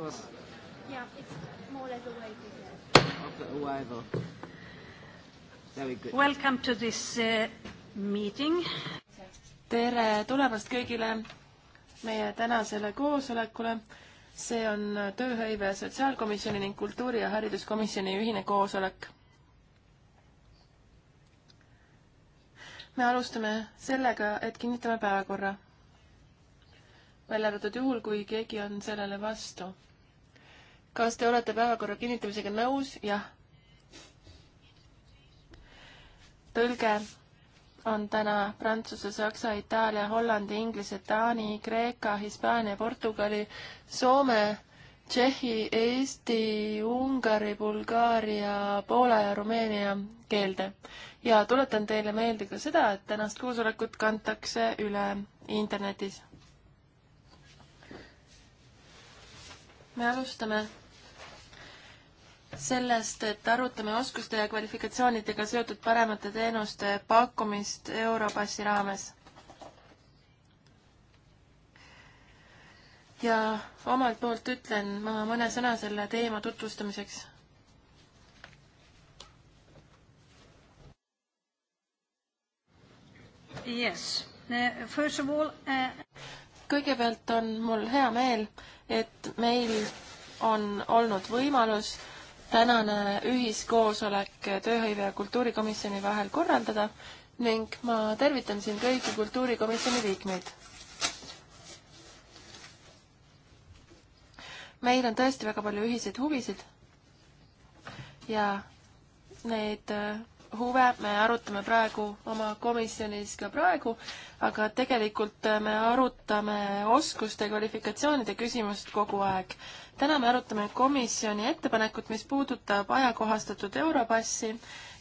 course. Yeah, it's more or less a wave. After arrival. Very good. Welcome to this uh, meeting. tere tulemast kõigile meie tänasele koosolekule. see on Tööhõive Sotsiaalkomisjoni ning Kultuuri- ja Hariduskomisjoni ühine koosolek me alustame sellega, et kinnitame päevakorra. välja arvatud juhul, kui keegi on sellele vastu kas te olete päevakorra kinnitamisega nõus? jah. tõlge on täna prantsuse, saksa, itaalia, hollandi, inglise, taani, kreeka, hispaania, portugali, soome, tšehhi, eesti, ungari, bulgaaria, poola ja rumeenia keelde. ja tuletan teile meelde ka seda, et tänast koosolekut kantakse üle internetis. me alustame sellest, et arutame oskuste ja kvalifikatsioonidega seotud paremate teenuste pakkumist Europassi raames. ja omalt poolt ütlen ma mõne sõna selle teema tutvustamiseks. Yes. Eh, first of all uh... kõigepealt on mul hea meel, et meil on olnud võimalus uh, tänane ühiskoosolek tööhõive ja kultuurikomisjoni vahel korraldada ning ma tervitan siin kõiki kultuurikomisjoni liikmeid. meil on tõesti väga palju ühiseid huvisid ja need huve me arutame praegu oma komisjonis ka praegu, aga tegelikult me arutame oskuste ja kvalifikatsioonide küsimust kogu aeg. täna me arutame komisjoni ettepanekut, mis puudutab ajakohastatud Europassi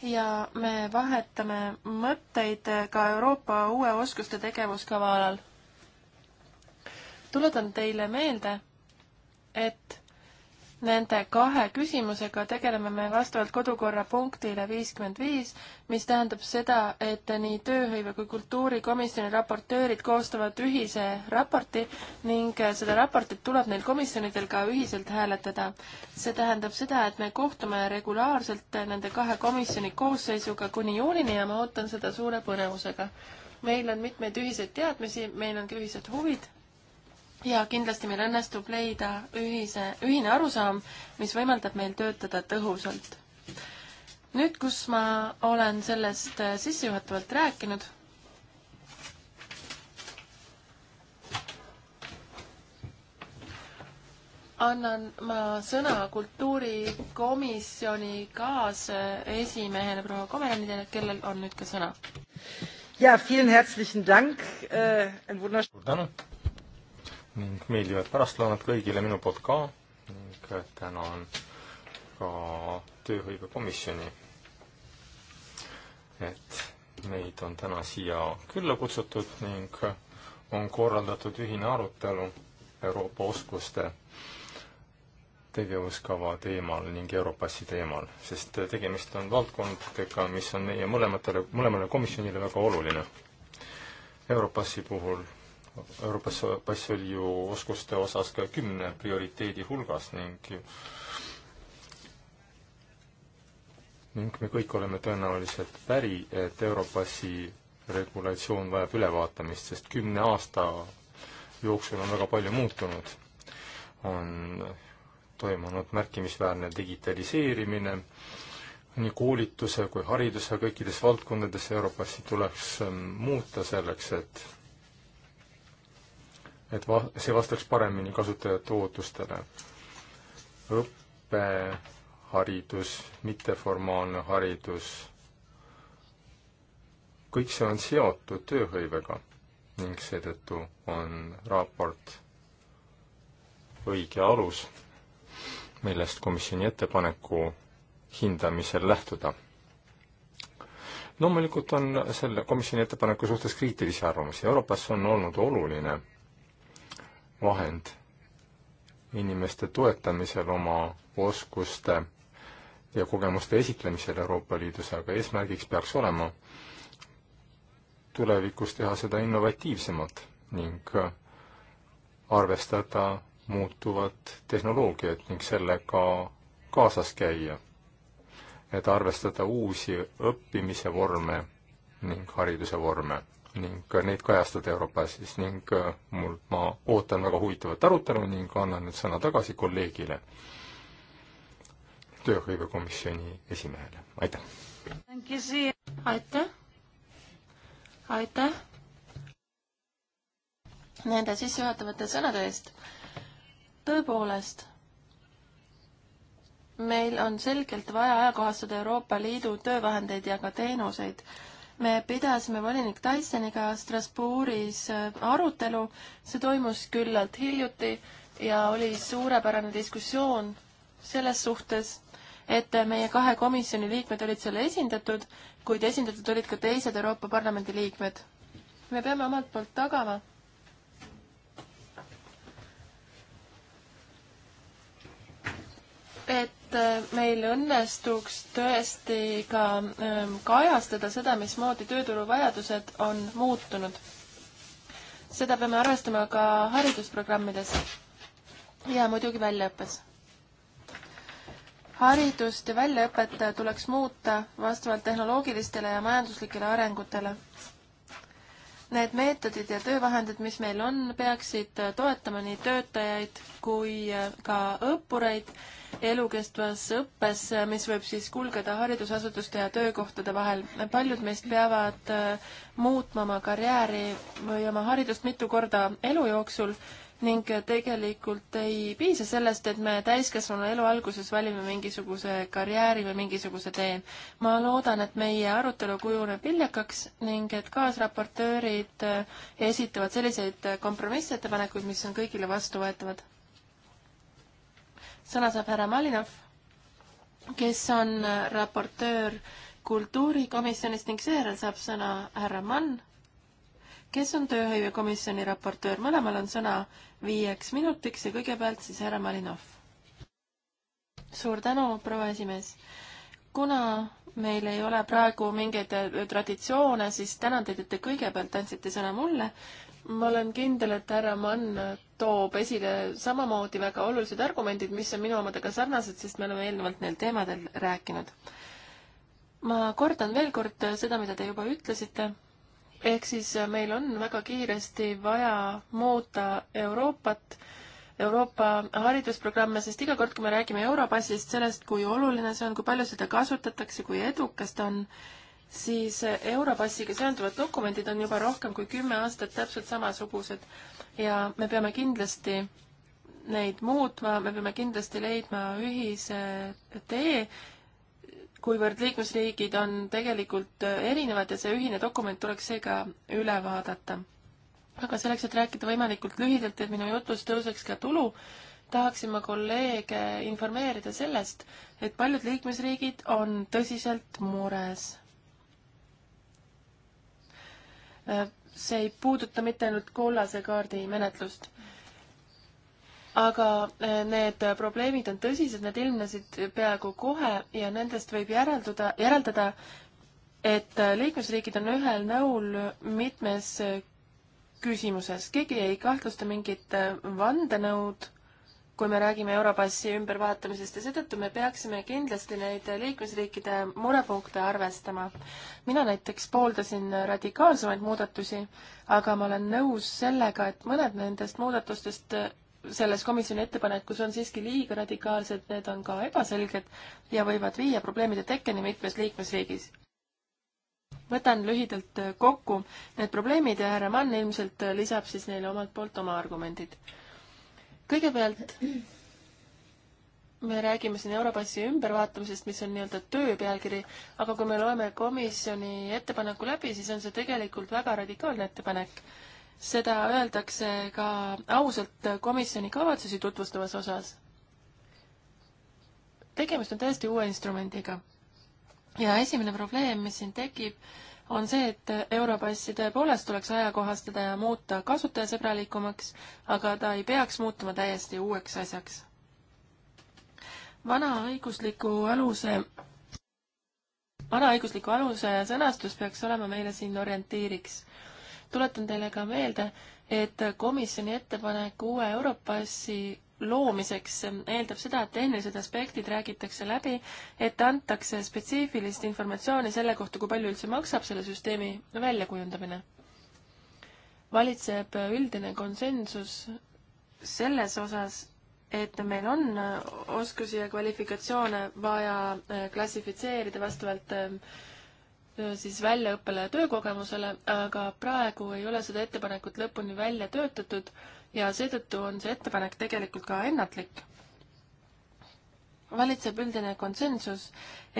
ja me vahetame mõtteid ka Euroopa uue oskuste tegevuskava alal. tuletan teile meelde, et Nende kahe küsimusega tegeleme me vastavalt kodukorra punktile viiskümmend viis, mis tähendab seda, et nii tööhõive kui kultuurikomisjoni raportöörid koostavad ühise raporti ning seda raportit tuleb neil komisjonidel ka ühiselt hääletada. see tähendab seda, et me kohtume regulaarselt nende kahe komisjoni koosseisuga kuni juulini ja ma ootan seda suure põnevusega. meil on mitmeid ühiseid teadmisi, meil on ka ühised huvid ja kindlasti meil õnnestub leida ühise, ühine arusaam, mis võimaldab meil töötada tõhusalt. nüüd, kus ma olen sellest äh, sissejuhatavalt rääkinud, annan ma sõna kultuurikomisjoni kaasesimehele proua Komeranile, kellel on nüüd ka sõna. jaa, vielen herzlichen Dank äh,, ein wunderschön. suur tänu ning meeldivat pärastlõunat kõigile minu poolt ka ning tänan ka tööhõivekomisjoni, et meid on täna siia külla kutsutud ning on korraldatud ühine arutelu Euroopa oskuste tegevuskava teemal ning Europassi teemal, sest tegemist on valdkondadega, mis on meie mõlematele, mõlemale komisjonile väga oluline. Europassi puhul Euroopas pass oli ju oskuste osas ka kümne prioriteedi hulgas ning ning me kõik oleme tõenäoliselt päri, et Europassi regulatsioon vajab ülevaatamist, sest kümne aasta jooksul on väga palju muutunud. on toimunud märkimisväärne digitaliseerimine, nii koolituse kui hariduse kõikides valdkondades Europassi tuleks muuta selleks, et et va-, see vastaks paremini kasutajate ootustele. õpe, haridus, mitteformaalne haridus, kõik see on seotud tööhõivega ning seetõttu on raport õige alus, millest komisjoni ettepaneku hindamisel lähtuda loomulikult on selle komisjoni ettepaneku suhtes kriitilisi arvamusi. Euroopas on olnud oluline vahend inimeste toetamisel oma oskuste ja kogemuste esitlemisel Euroopa Liidus, aga eesmärgiks peaks olema tulevikus teha seda innovatiivsemalt ning arvestada muutuvat tehnoloogiat ning sellega kaasas käia, et arvestada uusi õppimise vorme ning hariduse vorme ning neid kajastada Euroopasis ning äh, mul, ma ootan väga huvitavat arutelu ning annan nüüd sõna tagasi kolleegile, tööhõivekomisjoni esimehele, aitäh! aitäh! aitäh nende sissejuhatavate sõnade eest! tõepoolest, meil on selgelt vaja ajakohastada Euroopa Liidu töövahendeid ja ka teenuseid me pidasime volinik Tysoniga Strasbourgis äh, arutelu, see toimus küllalt hiljuti ja oli suurepärane diskussioon selles suhtes, et meie kahe komisjoni liikmed olid seal esindatud, kuid esindatud olid ka teised Euroopa Parlamendi liikmed. me peame omalt poolt tagama, et et äh, meil õnnestuks tõesti ka ähm, kajastada seda, mismoodi tööturu vajadused on muutunud. seda peame arvestama ka haridusprogrammides ja muidugi väljaõppes. haridust ja väljaõpet tuleks muuta vastavalt tehnoloogilistele ja majanduslikele arengutele need meetodid ja töövahendid, mis meil on, peaksid toetama nii töötajaid kui ka õppureid elukestvas õppes, mis võib siis kulgeda haridusasutuste ja töökohtade vahel. paljud meist peavad äh, muutma oma karjääri või oma haridust mitu korda elu jooksul ning tegelikult ei piisa sellest, et me täiskasvanu elu alguses valime mingisuguse karjääri või mingisuguse tee. ma loodan, et meie arutelu kujuneb viljakaks ning et kaasraportöörid äh, esitavad selliseid äh, kompromissettepanekuid, mis on kõigile vastuvõetavad sõna saab härra Malinov, kes on äh, raportöör kultuurikomisjonist ning seejärel saab sõna härra Mann, kes on tööhõivekomisjoni raportöör. mõlemal on sõna viieks minutiks ja kõigepealt siis härra Malinov. suur tänu, proua esimees. kuna meil ei ole praegu mingeid äh, traditsioone, siis tänan teid, et te kõigepealt andsite sõna mulle. ma olen kindel, et härra Mann äh, toob esile samamoodi väga olulised argumendid, mis on minu omadega sarnased, sest me oleme eelnevalt neil teemadel rääkinud. ma kordan veel kord seda, mida te juba ütlesite, ehk siis meil on väga kiiresti vaja muuta Euroopat, Euroopa haridusprogramme, sest iga kord, kui me räägime Europassist, sellest, kui oluline see on, kui palju seda kasutatakse, kui edukas ta on, siis Europassiga seonduvad dokumendid on juba rohkem kui kümme aastat täpselt samasugused ja me peame kindlasti neid muutma, me peame kindlasti leidma ühise tee, kuivõrd liikmesriigid on tegelikult erinevad ja see ühine dokument tuleks seega üle vaadata. aga selleks, et rääkida võimalikult lühidalt, et minu jutust tõuseks ka tulu, tahaksin ma kolleege informeerida sellest, et paljud liikmesriigid on tõsiselt mures see ei puuduta mitte ainult kollase kaardi menetlust. aga eh, need probleemid on tõsised, need ilmnesid peaaegu kohe ja nendest võib järelduda, järeldada, et eh, liikmesriigid on ühel nõul mitmes eh, küsimuses, keegi ei kahtlusta mingit vandenõud kui me räägime Europassi ümbervaatamisest ja seetõttu me peaksime kindlasti neid liikmesriikide murepunkte arvestama. mina näiteks pooldasin radikaalsemaid muudatusi, aga ma olen nõus sellega, et mõned nendest muudatustest selles komisjoni ettepanekus on siiski liiga radikaalsed, need on ka ebaselged ja võivad viia probleemide tekkeni mitmes liikmesriigis. võtan lühidalt kokku need probleemid ja härra Mann ilmselt lisab siis neile omalt poolt oma argumendid kõigepealt me räägime siin Europassi ümbervaatamisest, mis on nii-öelda töö pealkiri, aga kui me loeme komisjoni ettepaneku läbi, siis on see tegelikult väga radikaalne ettepanek. seda öeldakse ka ausalt komisjoni kavatsusi tutvustavas osas. tegemist on täiesti uue instrumendiga. ja esimene probleem, mis siin tekib, on see, et Europassi tõepoolest tuleks ajakohastada ja muuta kasutajasõbralikumaks, aga ta ei peaks muutuma täiesti uueks asjaks. vana õigusliku aluse, vana õigusliku aluse sõnastus peaks olema meile siin orientiiriks. tuletan teile ka meelde, et komisjoni ettepanek uue Europassi loomiseks eeldab seda, et tehnilised aspektid räägitakse läbi, et antakse spetsiifilist informatsiooni selle kohta, kui palju üldse maksab selle süsteemi väljakujundamine. valitseb üldine konsensus selles osas, et meil on oskusi ja kvalifikatsioone vaja äh, klassifitseerida vastavalt äh, siis väljaõppele ja töökogemusele, aga praegu ei ole seda ettepanekut lõpuni välja töötatud ja seetõttu on see ettepanek tegelikult ka ennatlik. valitseb üldine konsensus,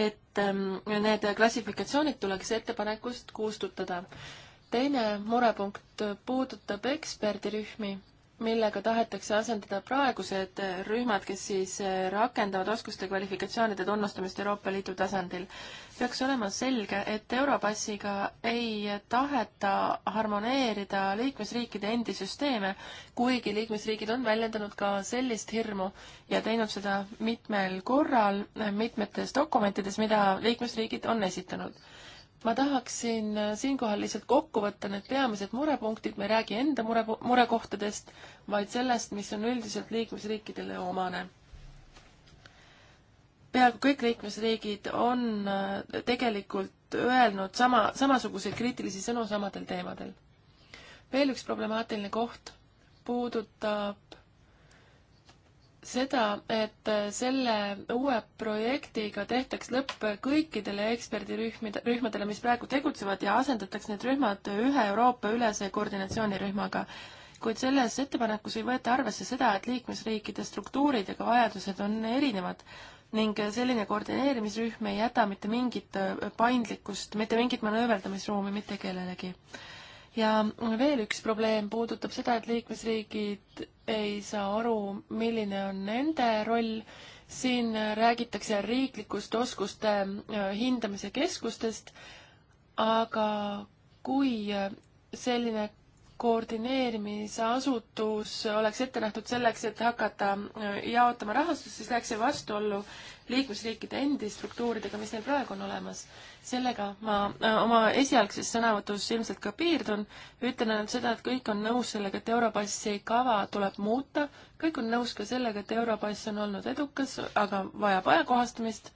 et ähm, need klassifikatsioonid tuleks ettepanekust kustutada. teine murepunkt puudutab eksperdirühmi millega tahetakse asendada praegused rühmad, kes siis eh, rakendavad oskuste kvalifikatsioonide tunnustamist Euroopa Liidu tasandil. peaks olema selge, et Europassiga ei taheta harmoneerida liikmesriikide endi süsteeme, kuigi liikmesriigid on väljendanud ka sellist hirmu ja teinud seda mitmel korral mitmetes dokumentides, mida liikmesriigid on esitanud ma tahaksin äh, siinkohal lihtsalt kokku võtta need peamised murepunktid, me ei räägi enda mure, murekohtadest, vaid sellest, mis on üldiselt liikmesriikidele omane. peaaegu kõik liikmesriigid on äh, tegelikult öelnud sama, samasuguseid kriitilisi sõnu samadel teemadel. veel üks problemaatiline koht puudutab seda, et selle uue projektiga tehtaks lõpp kõikidele eksperdirühmide, rühmadele, mis praegu tegutsevad ja asendataks need rühmad ühe Euroopa-ülese koordinatsioonirühmaga. kuid selles ettepanekus ei võeta arvesse seda, et liikmesriikide struktuurid ja ka vajadused on erinevad ning selline koordineerimisrühm ei jäta mitte mingit paindlikkust, mitte mingit manööverdamisruumi mitte kellelegi ja veel üks probleem puudutab seda, et liikmesriigid ei saa aru, milline on nende roll. siin räägitakse riiklikust oskuste äh, hindamise keskustest, aga kui äh, selline koordineerimisasutus oleks ette nähtud selleks, et hakata äh, jaotama rahastust, siis läheks see vastuollu liikmesriikide endi struktuuridega, mis neil praegu on olemas. sellega ma äh, oma esialgses sõnavõtus ilmselt ka piirdun, ütlen ainult seda, et kõik on nõus sellega, et Europassi kava tuleb muuta, kõik on nõus ka sellega, et Europass on olnud edukas, aga vajab ajakohastamist,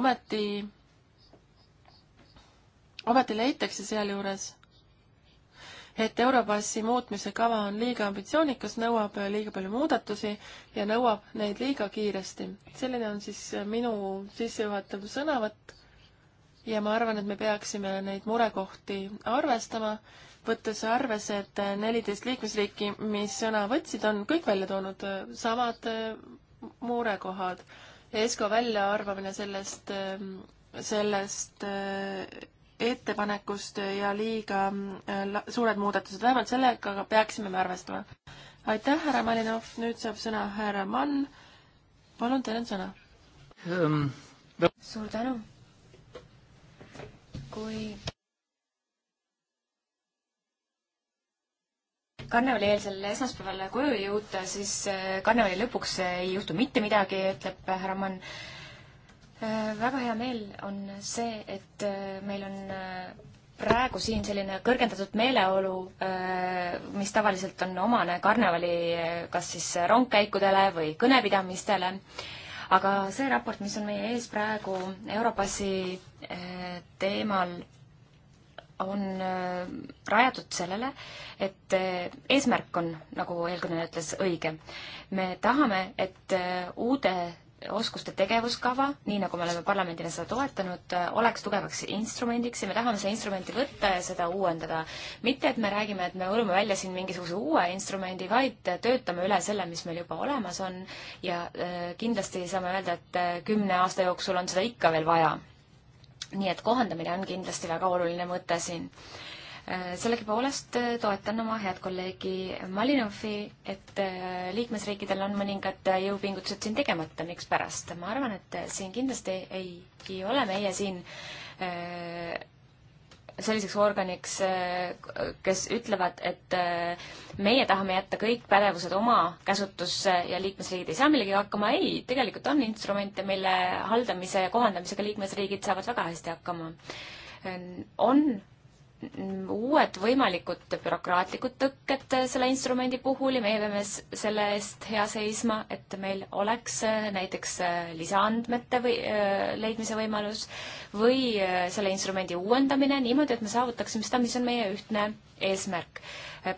ometi ometi leitakse sealjuures, et Europassi muutmise kava on liiga ambitsioonikas, nõuab liiga palju muudatusi ja nõuab neid liiga kiiresti. selline on siis minu sissejuhatav sõnavõtt ja ma arvan, et me peaksime neid murekohti arvestama, võttes arvesse, et neliteist liikmesriiki, mis sõna võtsid, on kõik välja toonud äh, samad äh, murekohad. ESCO väljaarvamine sellest, ähm, sellest äh, ettepanekust ja liiga äh, suured muudatused, vähemalt sellega peaksime me arvestama. aitäh, härra Malinov, nüüd saab sõna härra Mann. palun, teil on sõna um,. suur tänu. kui karnevalieelsel esmaspäeval koju jõuda, siis äh, karnevali lõpuks ei juhtu mitte midagi, ütleb härra Mann Äh, väga hea meel on see, et äh, meil on äh, praegu siin selline kõrgendatud meeleolu, mis tavaliselt on omane karnevali kas siis rongkäikudele või kõnepidamistele, aga see raport, mis on meie ees praegu Europassi teemal, on rajatud sellele, et eesmärk on, nagu eelkõneleja ütles, õige. me tahame, et uude oskuste tegevuskava, nii nagu me oleme parlamendina seda toetanud, äh, oleks tugevaks instrumendiks ja me tahame seda instrumenti võtta ja seda uuendada. mitte, et me räägime, et me uurime välja siin mingisuguse uue instrumendi, vaid äh, töötame üle selle, mis meil juba olemas on ja äh, kindlasti saame öelda, et kümne aasta jooksul on seda ikka veel vaja. nii et kohandamine on kindlasti väga oluline mõte siin Äh, sellegipoolest äh, toetan oma head kolleegi Malinovi, et äh, liikmesriikidel on mõningad jõupingutused siin tegemata, mikspärast. ma arvan, et siin kindlasti ei, ei ole meie siin selliseks organiks, kes ütlevad, et meie tahame jätta kõik pädevused oma käsutusse ja liikmesriigid ei saa millegagi hakkama. ei, tegelikult on instrumente, mille haldamise ja kohandamisega liikmesriigid saavad väga hästi hakkama. on uued võimalikud bürokraatlikud tõkked selle instrumendi puhul ja meie peame selle eest hea seisma, et meil oleks äh, näiteks äh, lisaandmete või äh, leidmise võimalus või selle instrumendi uuendamine niimoodi, et me saavutaksime seda, mis on meie ühtne eesmärk.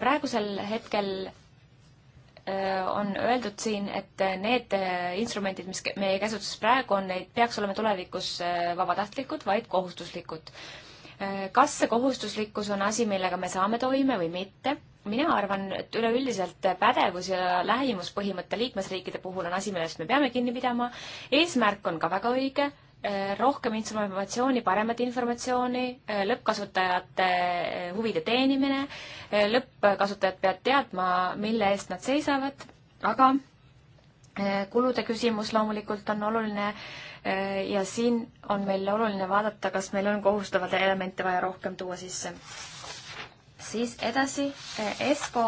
praegusel hetkel on öeldud siin, et need instrumendid, mis meie käsutuses praegu on, neid peaks olema tulevikus vabatahtlikud, vaid kohustuslikud kas see kohustuslikkus on asi, millega me saame toime või mitte? mina arvan, et üleüldiselt pädevus ja lähimuspõhimõte liikmesriikide puhul on asi, millest me peame kinni pidama. eesmärk on ka väga õige, rohkem informatsiooni, paremat informatsiooni, lõppkasutajate huvide teenimine, lõppkasutajad peavad teadma, mille eest nad seisavad, aga kulude küsimus loomulikult on oluline Äh, ja siin on meil oluline vaadata, kas meil on kohustavaid elemente vaja rohkem tuua sisse. siis edasi, äh, ESCO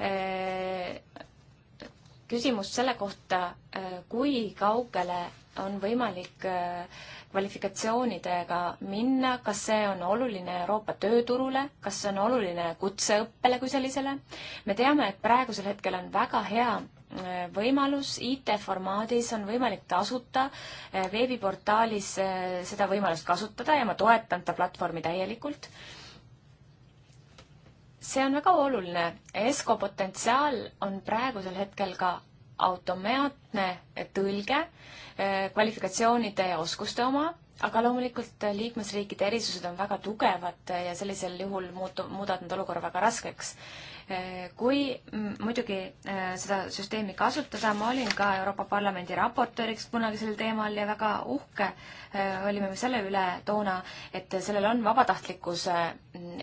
äh, küsimus selle kohta, kui kaugele on võimalik kvalifikatsioonidega minna, kas see on oluline Euroopa tööturule, kas see on oluline kutseõppele kui sellisele? me teame, et praegusel hetkel on väga hea võimalus, IT-formaadis on võimalik tasuta eh, veebiportaalis eh, seda võimalust kasutada ja ma toetan seda platvormi täielikult. see on väga oluline, ESCO potentsiaal on praegusel hetkel ka automaatne tõlge eh, kvalifikatsioonide ja oskuste oma, aga loomulikult liikmesriikide erisused on väga tugevad ja sellisel juhul muutu-, muudavad nad olukorra väga raskeks kui mm, muidugi äh, seda süsteemi kasutada, ma olin ka Euroopa Parlamendi raportööriks kunagi sel teemal ja väga uhke äh, olime me selle üle toona, et sellel on vabatahtlikkuse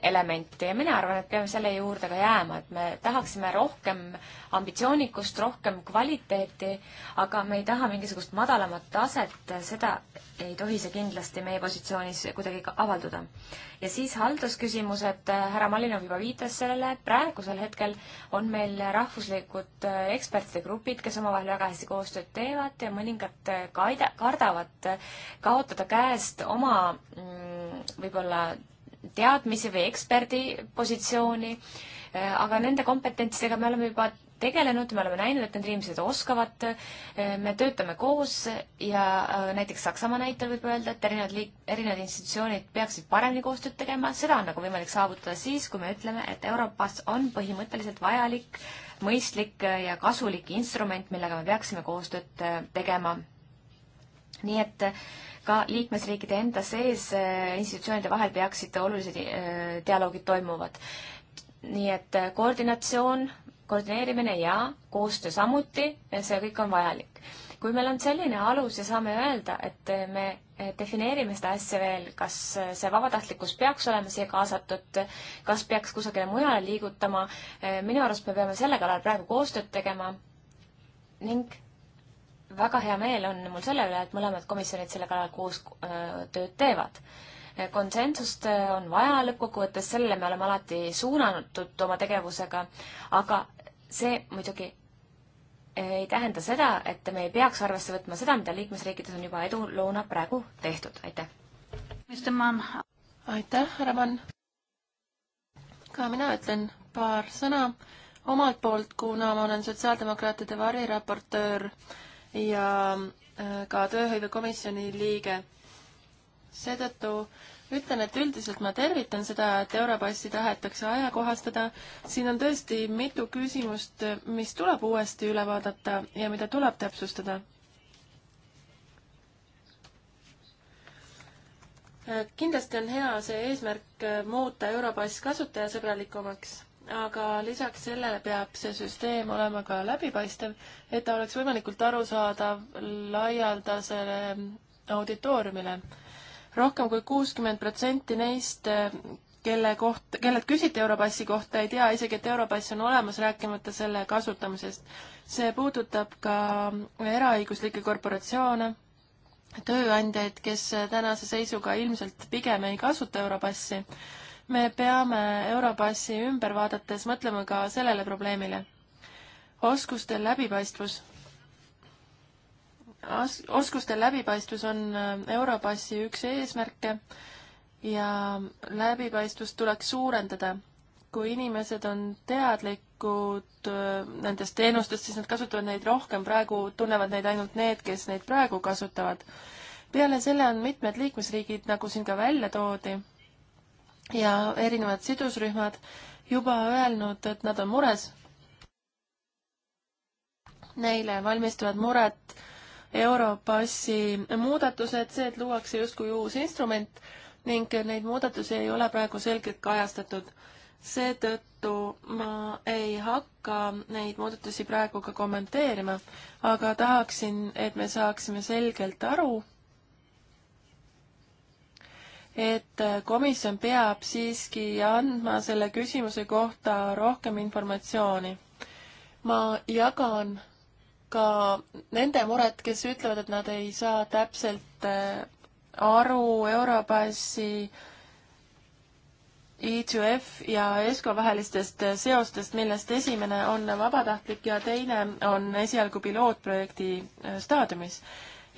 elementi ja mina arvan, et peame selle juurde ka jääma, et me tahaksime rohkem ambitsioonikust, rohkem kvaliteeti, aga me ei taha mingisugust madalamat taset, seda ei tohi see kindlasti meie positsioonis kuidagi avalduda. ja siis haldusküsimused, härra Malinov juba viitas sellele, praegusel hetkel on meil rahvuslikud ekspertide grupid, kes omavahel väga hästi koostööd teevad ja mõningad kaida-, kardavad kaotada käest oma mm, võib-olla teadmisi või eksperdi positsiooni, äh, aga nende kompetentsidega me oleme juba tegelenud, me oleme näinud, et need inimesed oskavad, äh, me töötame koos ja äh, näiteks Saksamaa näitel võib öelda, et erinevad liik-, erinevad institutsioonid peaksid paremini koostööd tegema, seda on nagu võimalik saavutada siis, kui me ütleme, et Euroopas on põhimõtteliselt vajalik, mõistlik ja kasulik instrument, millega me peaksime koostööd tegema. nii et ka liikmesriikide enda sees äh, institutsioonide vahel peaksid olulised äh, dialoogid toimuvad. nii et äh, koordinatsioon, koordineerimine ja koostöö samuti, see kõik on vajalik. kui meil on selline alus ja saame öelda, et me defineerime seda asja veel, kas see vabatahtlikkus peaks olema siia kaasatud, kas peaks kusagile mujale liigutama, minu arust me peame selle kallal praegu koostööd tegema ning väga hea meel on mul selle üle, et mõlemad komisjonid selle kallal koos äh, tööd teevad. konsensust äh, on vaja lõppkokkuvõttes, sellele me oleme alati suunatud oma tegevusega, aga see muidugi äh, ei tähenda seda, et me ei peaks arvesse võtma seda, mida liikmesriikides on juba eduloona praegu tehtud, aitäh. aitäh, härra Mann. ka mina ütlen paar sõna omalt poolt, kuna ma olen sotsiaaldemokraatide variraportöör äh, ja äh, ka tööhõivekomisjoni liige. seetõttu ütlen, et üldiselt ma tervitan seda, et Europassi tahetakse ajakohastada. siin on tõesti mitu küsimust, mis tuleb uuesti üle vaadata ja mida tuleb täpsustada. Äh, kindlasti on hea see eesmärk äh, muuta Europass kasutajasõbralikumaks aga lisaks sellele peab see süsteem olema ka läbipaistev, et ta oleks võimalikult arusaadav laialdasele auditooriumile. rohkem kui kuuskümmend protsenti neist, kelle koht, kellelt küsiti Europassi kohta, ei tea isegi, et Europass on olemas, rääkimata selle kasutamisest. see puudutab ka eraõiguslikke korporatsioone, tööandjaid, kes tänase seisuga ilmselt pigem ei kasuta Europassi me peame Europassi ümber vaadates mõtlema ka sellele probleemile. oskustel läbipaistvus. As-, oskustel läbipaistvus on äh, Europassi üks eesmärke ja läbipaistvust tuleks suurendada. kui inimesed on teadlikud äh, nendest teenustest, siis nad kasutavad neid rohkem, praegu tunnevad neid ainult need, kes neid praegu kasutavad. peale selle on mitmed liikmesriigid, nagu siin ka välja toodi ja erinevad sidusrühmad juba öelnud, et nad on mures. Neile valmistavad muret Europassi muudatused, see, et luuakse justkui uus instrument ning neid muudatusi ei ole praegu selgelt kajastatud seetõttu ma ei hakka neid muudatusi praegu ka kommenteerima, aga tahaksin, et me saaksime selgelt aru, et komisjon peab siiski andma selle küsimuse kohta rohkem informatsiooni. ma jagan ka nende muret, kes ütlevad, et nad ei saa täpselt äh, aru Europassi E2F ja ESCO vahelistest äh, seostest, millest esimene on vabatahtlik ja teine on esialgu pilootprojekti äh, staadiumis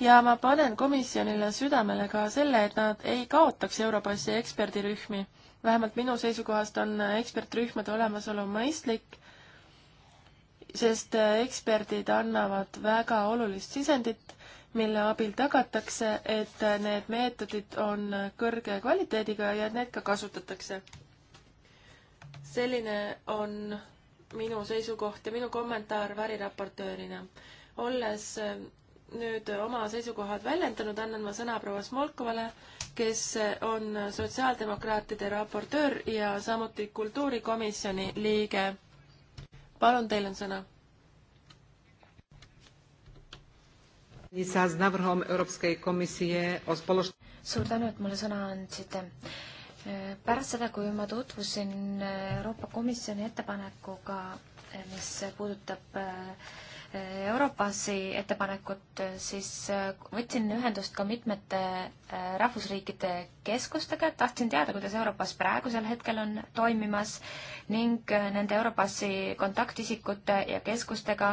ja ma panen komisjonile südamele ka selle, et nad ei kaotaks Europassi eksperdirühmi. vähemalt minu seisukohast on ekspertrühmade olemasolu mõistlik, sest eksperdid annavad väga olulist sisendit, mille abil tagatakse, et need meetodid on kõrge kvaliteediga ja et need ka kasutatakse. selline on minu seisukoht ja minu kommentaar variraportöörina. olles nüüd oma seisukohad väljendanud, annan ma sõna proua Smolkovale, kes on sotsiaaldemokraatide raportöör ja samuti kultuurikomisjoni liige. palun, teil on sõna. suur tänu, et mulle sõna andsite pärast seda, kui ma tutvusin Euroopa Komisjoni ettepanekuga, mis puudutab äh, Europassi ettepanekut, siis äh, võtsin ühendust ka mitmete äh, rahvusriikide keskustega, et tahtsin teada, kuidas Europass praegusel hetkel on toimimas ning äh, nende Europassi kontaktisikute ja keskustega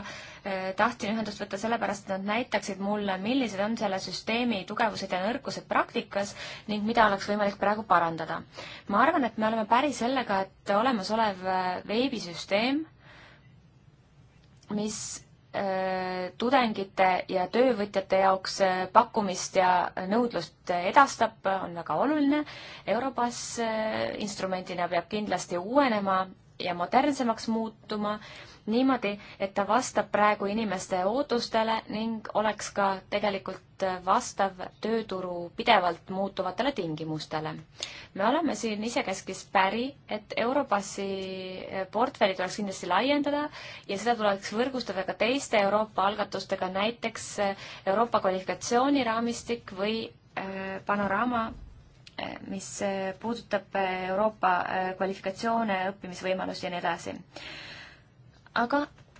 tahtsin ühendust võtta sellepärast, et nad näitaksid mulle, millised on selle süsteemi tugevused ja nõrkused praktikas ning mida oleks võimalik praegu parandada. ma arvan, et me oleme päri sellega, et olemasolev veebisüsteem mis Äh, tudengite ja töövõtjate jaoks äh, pakkumist ja nõudlust edastab, on väga oluline. Europass äh, instrumendina peab kindlasti uuenema ja modernsemaks muutuma niimoodi, et ta vastab praegu inimeste ootustele ning oleks ka tegelikult vastav tööturu pidevalt muutuvatele tingimustele. me oleme siin isekeskis päri, et Europassi portfelli tuleks kindlasti laiendada ja seda tuleks võrgustada ka teiste Euroopa algatustega, näiteks Euroopa kvalifikatsiooniraamistik või äh, panoraama äh, mis äh, puudutab Euroopa kvalifikatsioone, õppimisvõimalusi ja nii edasi aga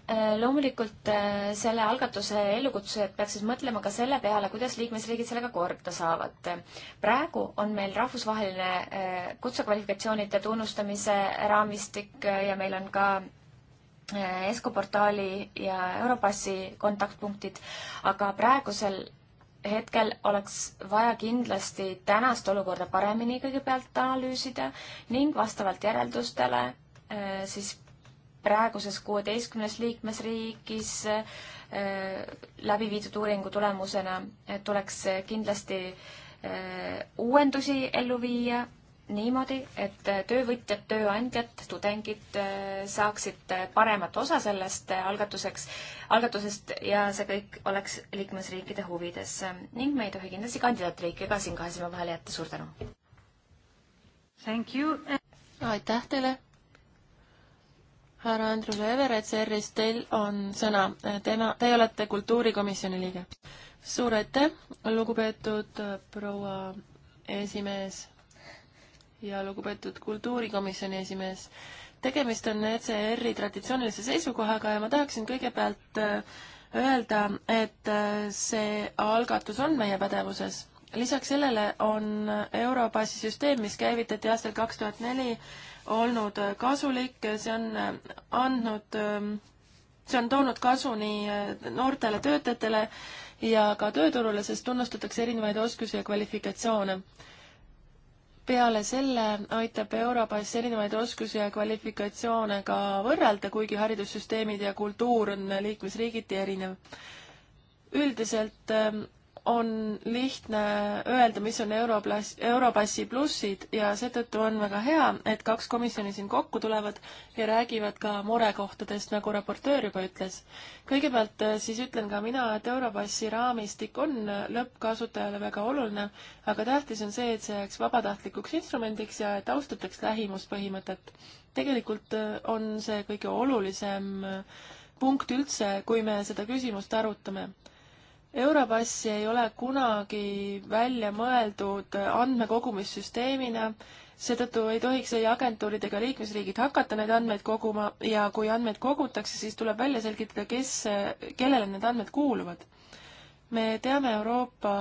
äh, loomulikult äh, selle algatuse ellukutsujad peaksid mõtlema ka selle peale, kuidas liikmesriigid sellega korda saavad. praegu on meil rahvusvaheline äh, kutsekvalifikatsioonide tunnustamise raamistik ja meil on ka ESCO portaali ja Europassi kontaktpunktid, aga praegusel hetkel oleks vaja kindlasti tänast olukorda paremini kõigepealt analüüsida ning vastavalt järeldustele siis praeguses kuueteistkümnes liikmesriigis äh, läbi viidud uuringu tulemusena tuleks kindlasti äh, uuendusi ellu viia niimoodi, et töövõtjad, tööandjad, tudengid äh, saaksid paremat osa sellest algatuseks, algatusest ja see kõik oleks liikmesriikide huvides. ning me ei tohi kindlasti kandidaatriike ka siin kahe silma vahele jätta, suur tänu! aitäh teile! härra Andrus Everets ERR-ist, teil on sõna. Tema, teie olete kultuurikomisjoni liige. suur aitäh, lugupeetud äh, proua esimees ja lugupeetud kultuurikomisjoni esimees. tegemist on ECR-i traditsioonilise seisukohaga ja ma tahaksin kõigepealt äh, öelda, et äh, see algatus on meie pädevuses. lisaks sellele on Europassi süsteem, mis käivitati aastal kaks tuhat neli olnud äh, kasulik, äh, see on äh, andnud, ähm, see on toonud kasu nii noortele töötajatele ja ka tööturule, sest tunnustatakse erinevaid oskusi ja kvalifikatsioone. peale selle aitab Europass erinevaid oskusi ja kvalifikatsioone ka võrrelda, kuigi haridussüsteemid ja kultuur on liikmesriigiti erinev. üldiselt ähm, on lihtne öelda, mis on Europlas-, Europassi plussid ja seetõttu on väga hea, et kaks komisjoni siin kokku tulevad ja räägivad ka murekohtadest, nagu raportöör juba ütles. kõigepealt äh, siis ütlen ka mina, et Europassi raamistik on lõppkasutajale väga oluline, aga tähtis on see, et see jääks vabatahtlikuks instrumendiks ja et austataks lähimuspõhimõtet. tegelikult äh, on see kõige olulisem äh, punkt üldse, kui me seda küsimust arutame Europassi ei ole kunagi välja mõeldud andmekogumissüsteemina, seetõttu ei tohiks ei agentuurid ega liikmesriigid hakata neid andmeid koguma ja kui andmeid kogutakse, siis tuleb välja selgitada, kes, kellele need andmed kuuluvad. me teame Euroopa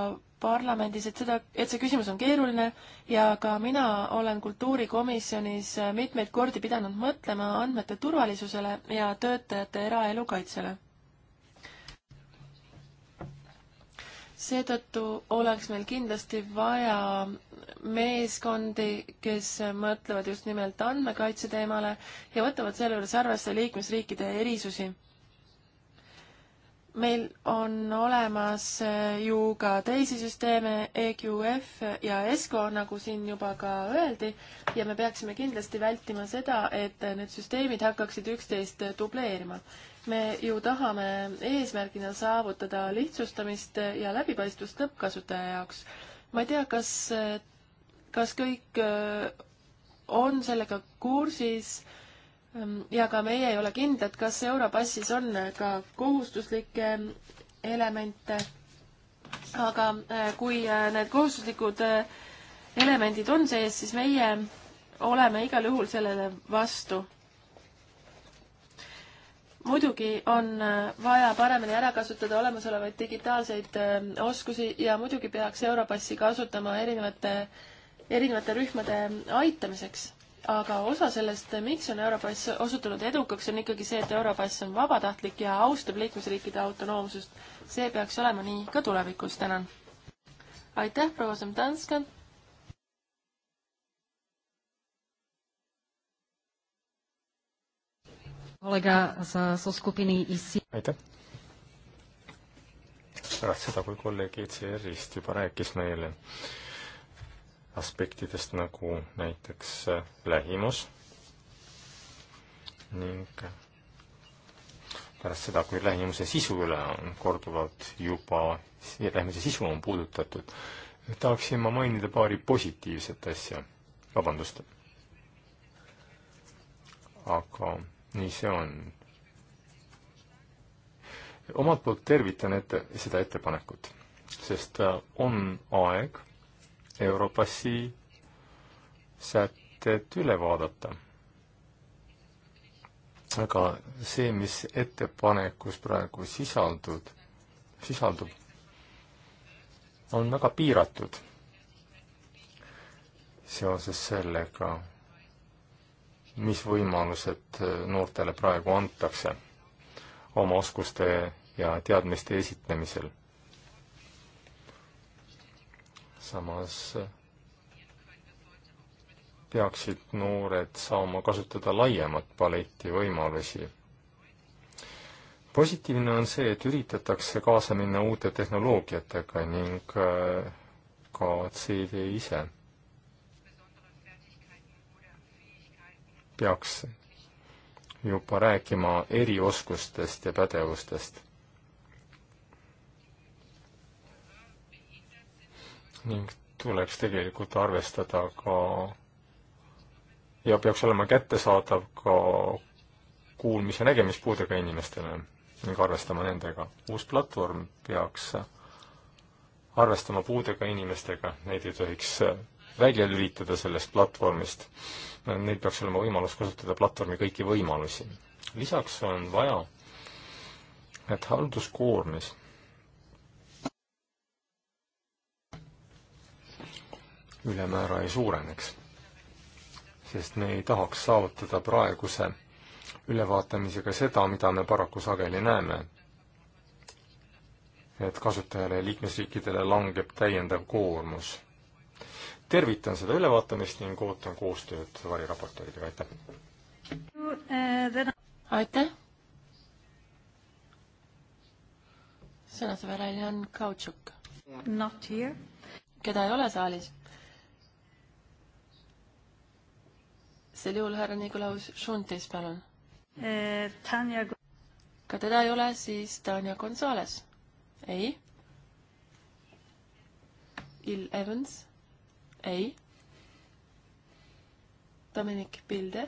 Parlamendis, et seda, et see küsimus on keeruline ja ka mina olen kultuurikomisjonis mitmeid kordi pidanud mõtlema andmete turvalisusele ja töötajate eraelu kaitsele seetõttu oleks meil kindlasti vaja meeskondi, kes mõtlevad just nimelt andmekaitse teemale ja võtavad selle juures arvesse liikmesriikide erisusi. meil on olemas ju ka teisi süsteeme, EQF ja ESCO, nagu siin juba ka öeldi, ja me peaksime kindlasti vältima seda, et need süsteemid hakkaksid üksteist dubleerima me ju tahame eesmärgina saavutada lihtsustamist ja läbipaistvust lõppkasutaja jaoks. ma ei tea, kas, kas kõik äh, on sellega kursis ähm, ja ka meie ei ole kindlad, kas Europassis on ka kohustuslikke elemente. aga äh, kui äh, need kohustuslikud elemendid on sees, siis meie oleme igal juhul sellele vastu muidugi on äh, vaja paremini ära kasutada olemasolevaid digitaalseid äh, oskusi ja muidugi peaks Europassi kasutama erinevate, erinevate rühmade aitamiseks. aga osa sellest, äh, miks on Europass osutunud edukaks, on ikkagi see, et Europass on vabatahtlik ja austab liikmesriikide autonoomsust. see peaks olema nii ka tulevikus, tänan. aitäh, proua Semtanska kollega su skupini IC-. aitäh! pärast seda, kui kolleeg ECR-ist juba rääkis meile aspektidest nagu näiteks äh, lähimus ning pärast seda, kui lähimuse sisu üle on korduvalt juba, lähimuse sisu on puudutatud, tahaksin ma mainida paari positiivset asja, vabandust. aga nii see on. omalt poolt tervitan ette, seda ettepanekut, sest äh, on aeg Europassi sätted üle vaadata. aga see, mis ettepanekus praegu sisaldud, sisaldub, on väga piiratud seoses sellega mis võimalused äh, noortele praegu antakse oma oskuste ja teadmiste esitlemisel. samas äh, peaksid noored saama kasutada laiemat paletti võimalusi. positiivne on see, et üritatakse kaasa minna uute tehnoloogiatega ning äh, ka CV ise peaks juba rääkima erioskustest ja pädevustest. ning tuleks tegelikult arvestada ka ja peaks olema kättesaadav ka kuulmis- ja nägemispuudega inimestele ning arvestama nendega. uus platvorm peaks arvestama puudega inimestega, neid ei tohiks välja lülitada sellest platvormist. Neil peaks olema võimalus kasutada platvormi kõiki võimalusi. lisaks on vaja, et halduskoormis ülemäära ei suureneks, sest me ei tahaks saavutada praeguse ülevaatamisega seda, mida me paraku sageli näeme. et kasutajale ja liikmesriikidele langeb täiendav koormus tervitan seda ülevaatamist ning ootan koostööd variraportööridega, aitäh! aitäh! sõnasõberaline on Kautšuk. Not here. keda ei ole saalis? sel juhul härra Nikolaus Šuntis, palun eh,. Tanja. ka teda ei ole, siis Tanja Gonzales. ei. Il Evans ei. Dominik Pilde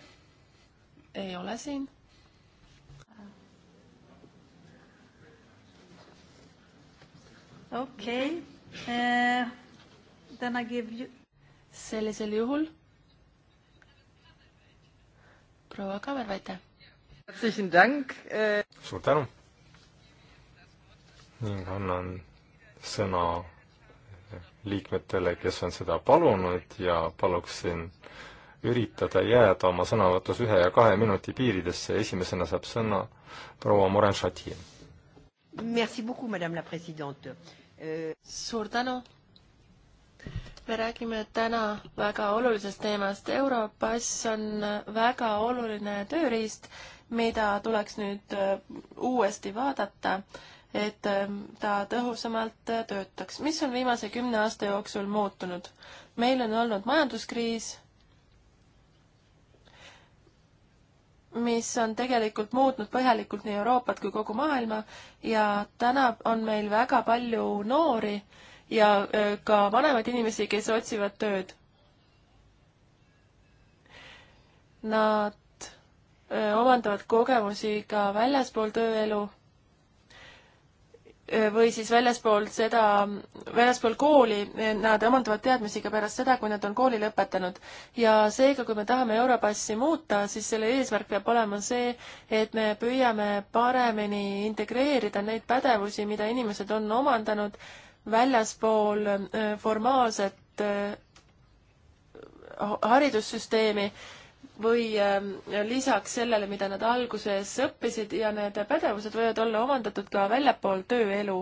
ei ole siin. okei okay. uh,, then I give you. sellisel juhul proua Kavervaite. Äh, suur tänu ning annan sõna liikmetele, kes on seda palunud ja paluksin üritada jääda oma sõnavõtus ühe ja kahe minuti piiridesse, esimesena saab sõna proua Moren Šati. Euh, suur tänu. me räägime täna väga olulisest teemast, Europass on väga oluline tööriist, mida tuleks nüüd äh, uuesti vaadata et ähm, ta tõhusamalt äh, töötaks. mis on viimase kümne aasta jooksul muutunud? meil on olnud majanduskriis, mis on tegelikult muutnud põhjalikult nii Euroopat kui kogu maailma ja täna on meil väga palju noori ja äh, ka vanemaid inimesi, kes otsivad tööd. Nad äh, omandavad kogemusi ka väljaspool tööelu või siis väljaspool seda, väljaspool kooli, nad omandavad teadmisi ka pärast seda, kui nad on kooli lõpetanud. ja seega, kui me tahame Europassi muuta, siis selle eesmärk peab olema see, et me püüame paremini integreerida neid pädevusi, mida inimesed on omandanud väljaspool äh, formaalset äh, haridussüsteemi või ähm, lisaks sellele, mida nad alguses õppisid ja need pädevused võivad olla omandatud ka väljapool tööelu.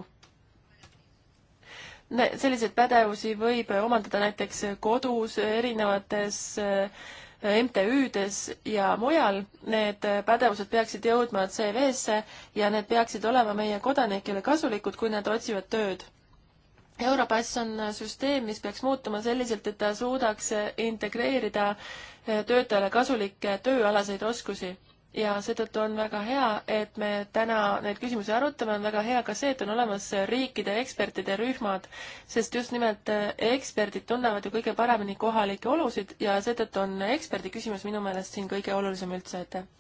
selliseid pädevusi võib omandada näiteks kodus, erinevates äh, MTÜ-des ja mujal. Need pädevused peaksid jõudma CV-sse ja need peaksid olema meie kodanikele kasulikud, kui nad otsivad tööd Europass on süsteem, mis peaks muutuma selliselt, et ta suudaks integreerida eh, töötajale kasulikke tööalaseid oskusi ja seetõttu on väga hea, et me täna neid küsimusi arutame, on väga hea ka see, et on olemas riikide ekspertide rühmad, sest just nimelt eh, eksperdid tunnevad ju kõige paremini kohalikke olusid ja seetõttu on eksperdi küsimus minu meelest siin kõige olulisem üldse, aitäh.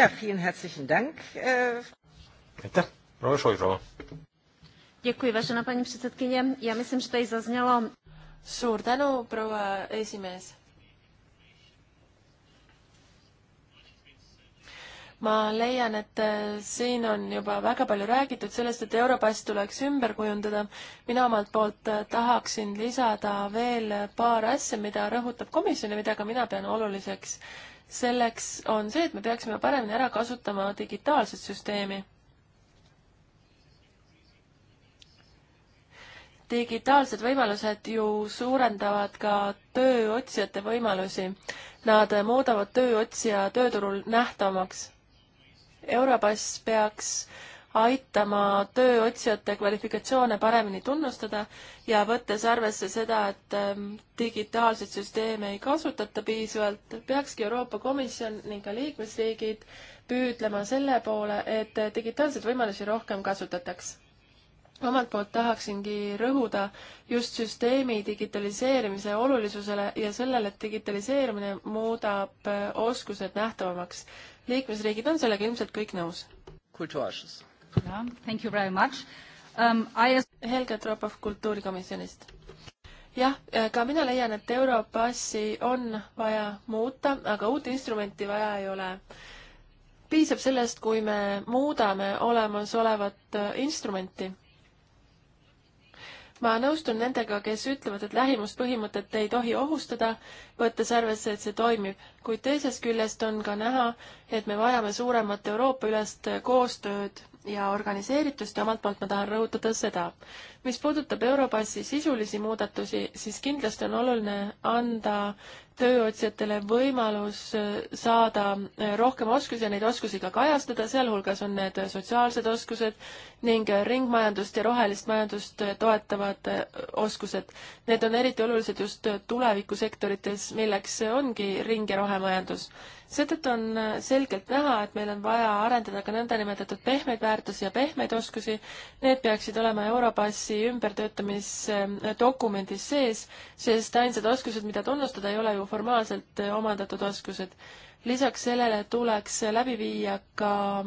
jah, vielen herzlichen Dank äh.... aitäh, proua Šoirova. Děkuji, vážená paní předsedkyně. Já myslím, že tady zaznělo... Suur tänu, proua esimees. ma leian, et äh, siin on juba väga palju räägitud sellest, et Europass tuleks ümber kujundada. mina omalt poolt äh, tahaksin lisada veel paar asja, mida rõhutab komisjon ja mida ka mina pean oluliseks. selleks on see, et me peaksime paremini ära kasutama digitaalset süsteemi digitaalsed võimalused ju suurendavad ka tööotsijate võimalusi. Nad muudavad tööotsija tööturul nähtavamaks. Europass peaks aitama tööotsijate kvalifikatsioone paremini tunnustada ja võttes arvesse seda, et ähm, digitaalseid süsteeme ei kasutata piisavalt, peakski Euroopa Komisjon ning ka liikmesriigid püüdlema selle poole, et digitaalseid võimalusi rohkem kasutataks omalt poolt tahaksingi rõhuda just süsteemi digitaliseerimise olulisusele ja sellele, et digitaliseerimine muudab äh, oskused nähtavamaks. liikmesriigid on sellega ilmselt kõik nõus. Yeah, thank you very much um,. I... Helga Tropov Kultuurikomisjonist. jah, äh, ka mina leian, et Europassi on vaja muuta, aga uut instrumenti vaja ei ole piisab sellest, kui me muudame olemasolevat äh, instrumenti ma nõustun nendega, kes ütlevad, et lähimuspõhimõtet ei tohi ohustada, võttes arvesse, et see toimib, kuid teisest küljest on ka näha, et me vajame suuremat Euroopa-ülest koostööd ja organiseeritust ja omalt poolt ma tahan rõhutada seda. mis puudutab Europassi sisulisi muudatusi, siis kindlasti on oluline anda tööotsijatele võimalus äh, saada äh, rohkem oskusi ja neid oskusi ka kajastada, sealhulgas on need äh, sotsiaalsed oskused ning ringmajandust ja rohelist majandust toetavad oskused. Need on eriti olulised just tulevikusektorites, milleks ongi ring- ja rohemajandus seetõttu on äh, selgelt näha, et meil on vaja arendada ka nõndanimetatud pehmeid väärtusi ja pehmeid oskusi. Need peaksid olema Europassi ümbertöötamisdokumendis sees, sest ainsad oskused, mida tunnustada, ei ole ju formaalselt äh, omandatud oskused. lisaks sellele tuleks läbi viia ka äh,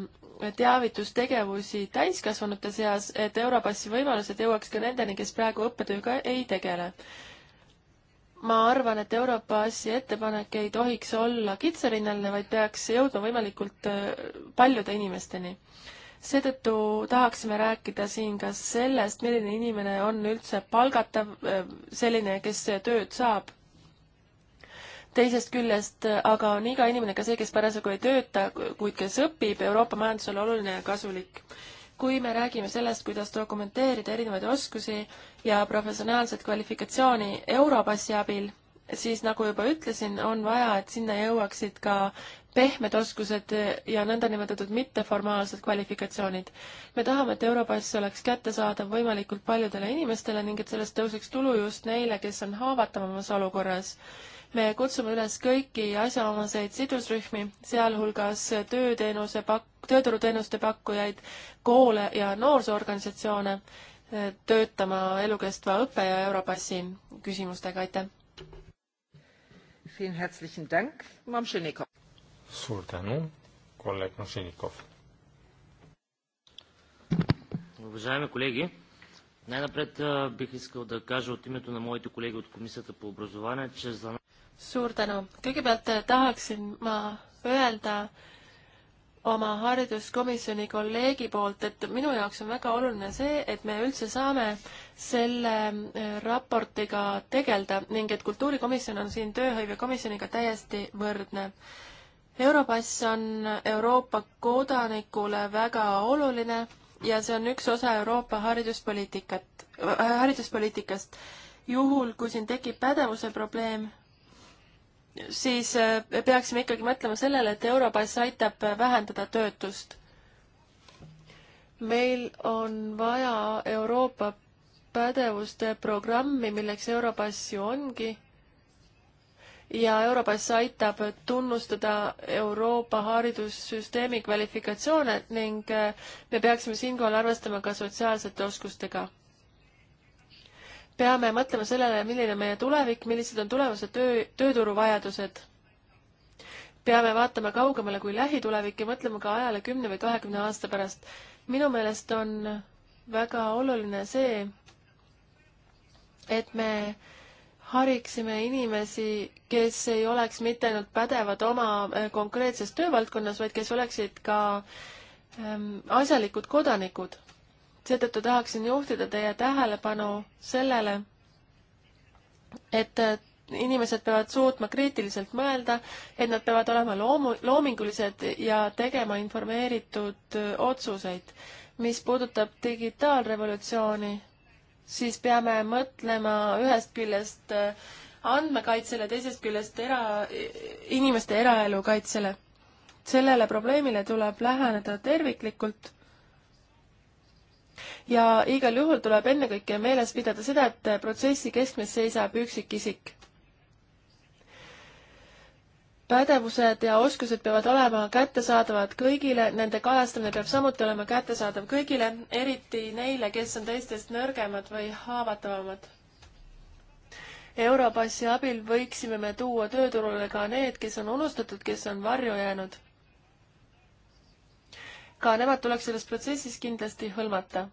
teavitustegevusi täiskasvanute seas, et Europassi võimalused jõuaks ka nendeni, kes praegu õppetööga ei tegele ma arvan, et Europassi ettepanek ei tohiks olla kitsarinnaline, vaid peaks jõudma võimalikult äh, paljude inimesteni. seetõttu tahaksime rääkida siin ka sellest, milline inimene on üldse palgatav, äh, selline, kes tööd saab. teisest küljest aga on iga inimene ka see, kes parasjagu ei tööta, kuid kes õpib, Euroopa majandusele oluline ja kasulik kui me räägime sellest, kuidas dokumenteerida erinevaid oskusi ja professionaalset kvalifikatsiooni Europassi abil, siis nagu juba ütlesin, on vaja, et sinna jõuaksid ka pehmed oskused ja nõndanimetatud mitteformaalsed kvalifikatsioonid. me tahame, et Europass oleks kättesaadav võimalikult paljudele inimestele ning et sellest tõuseks tulu just neile, kes on haavatavamas olukorras. me kutsume üles kõiki asjaomaseid sidusrühmi, sealhulgas tööteenuse pak-, tööturuteenuste pakkujaid, koole ja noorsoorganisatsioone, töötama elukestva õppe ja Europassi küsimustega, aitäh! suur tänu, kolleeg Mašinikov! Уважаеми колеги, най-напред бих искал да кажа от името на моите колеги от Комисията по образование, че за... Suur tänu! Kõigepealt tahaksin ma öelda, oma hariduskomisjoni kolleegi poolt, et minu jaoks on väga oluline see, et me üldse saame selle äh, raportiga tegeleda ning et kultuurikomisjon on siin tööhõivekomisjoniga täiesti võrdne. Europass on Euroopa kodanikule väga oluline ja see on üks osa Euroopa hariduspoliitikat, äh, hariduspoliitikast. juhul, kui siin tekib pädevuse probleem, siis äh, peaksime ikkagi mõtlema sellele, et Europass aitab vähendada töötust. meil on vaja Euroopa pädevuste programmi, milleks Europass ju ongi. ja Europass aitab tunnustada Euroopa haridussüsteemi kvalifikatsioone ning äh, me peaksime siinkohal arvestama ka sotsiaalsete oskustega peame mõtlema sellele, milline meie tulevik, millised on tulevased töö, tööturu vajadused. peame vaatama kaugemale kui lähitulevik ja mõtlema ka ajale kümne või kahekümne aasta pärast. minu meelest on väga oluline see, et me hariksime inimesi, kes ei oleks mitte ainult pädevad oma äh, konkreetses töövaldkonnas, vaid kes oleksid ka ähm, asjalikud kodanikud seetõttu tahaksin juhtida teie tähelepanu sellele, et äh, inimesed peavad suutma kriitiliselt mõelda, et nad peavad olema loomu, loomingulised ja tegema informeeritud äh, otsuseid. mis puudutab digitaalrevolutsiooni, siis peame mõtlema ühest küljest äh, andmekaitsele, teisest küljest era, inimeste eraelu kaitsele. sellele probleemile tuleb läheneda terviklikult ja igal juhul tuleb ennekõike meeles pidada seda, et protsessi keskmes seisab üksikisik. pädevused ja oskused peavad olema kättesaadavad kõigile, nende kajastamine peab samuti olema kättesaadav kõigile, eriti neile, kes on teistest nõrgemad või haavatavamad. Europassi abil võiksime me tuua tööturule ka need, kes on unustatud, kes on varju jäänud ka nemad tuleks selles protsessis kindlasti hõlmata.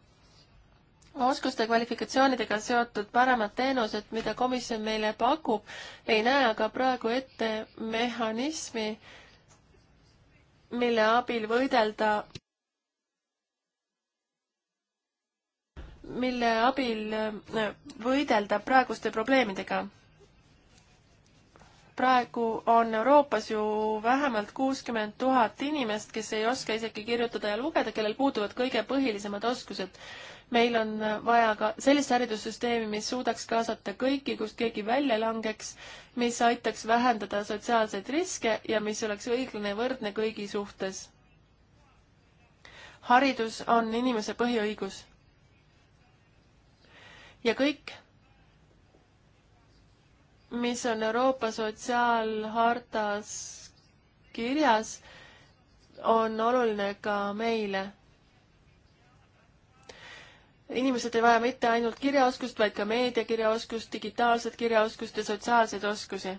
oskuste kvalifikatsioonidega seotud paremad teenused, mida komisjon meile pakub, ei näe aga praegu ette mehhanismi, mille abil võidelda mille abil võidelda praeguste probleemidega praegu on Euroopas ju vähemalt kuuskümmend tuhat inimest, kes ei oska isegi kirjutada ja lugeda, kellel puuduvad kõige põhilisemad oskused. meil on vaja ka sellist haridussüsteemi, mis suudaks kaasata kõiki, kust keegi välja langeks, mis aitaks vähendada sotsiaalseid riske ja mis oleks õiglane ja võrdne kõigi suhtes. haridus on inimese põhiõigus. ja kõik mis on Euroopa sotsiaalhartas kirjas, on oluline ka meile inimesed ei vaja mitte ainult kirjaoskust, vaid ka meediakirjaoskust, digitaalset kirjaoskust ja sotsiaalseid oskusi.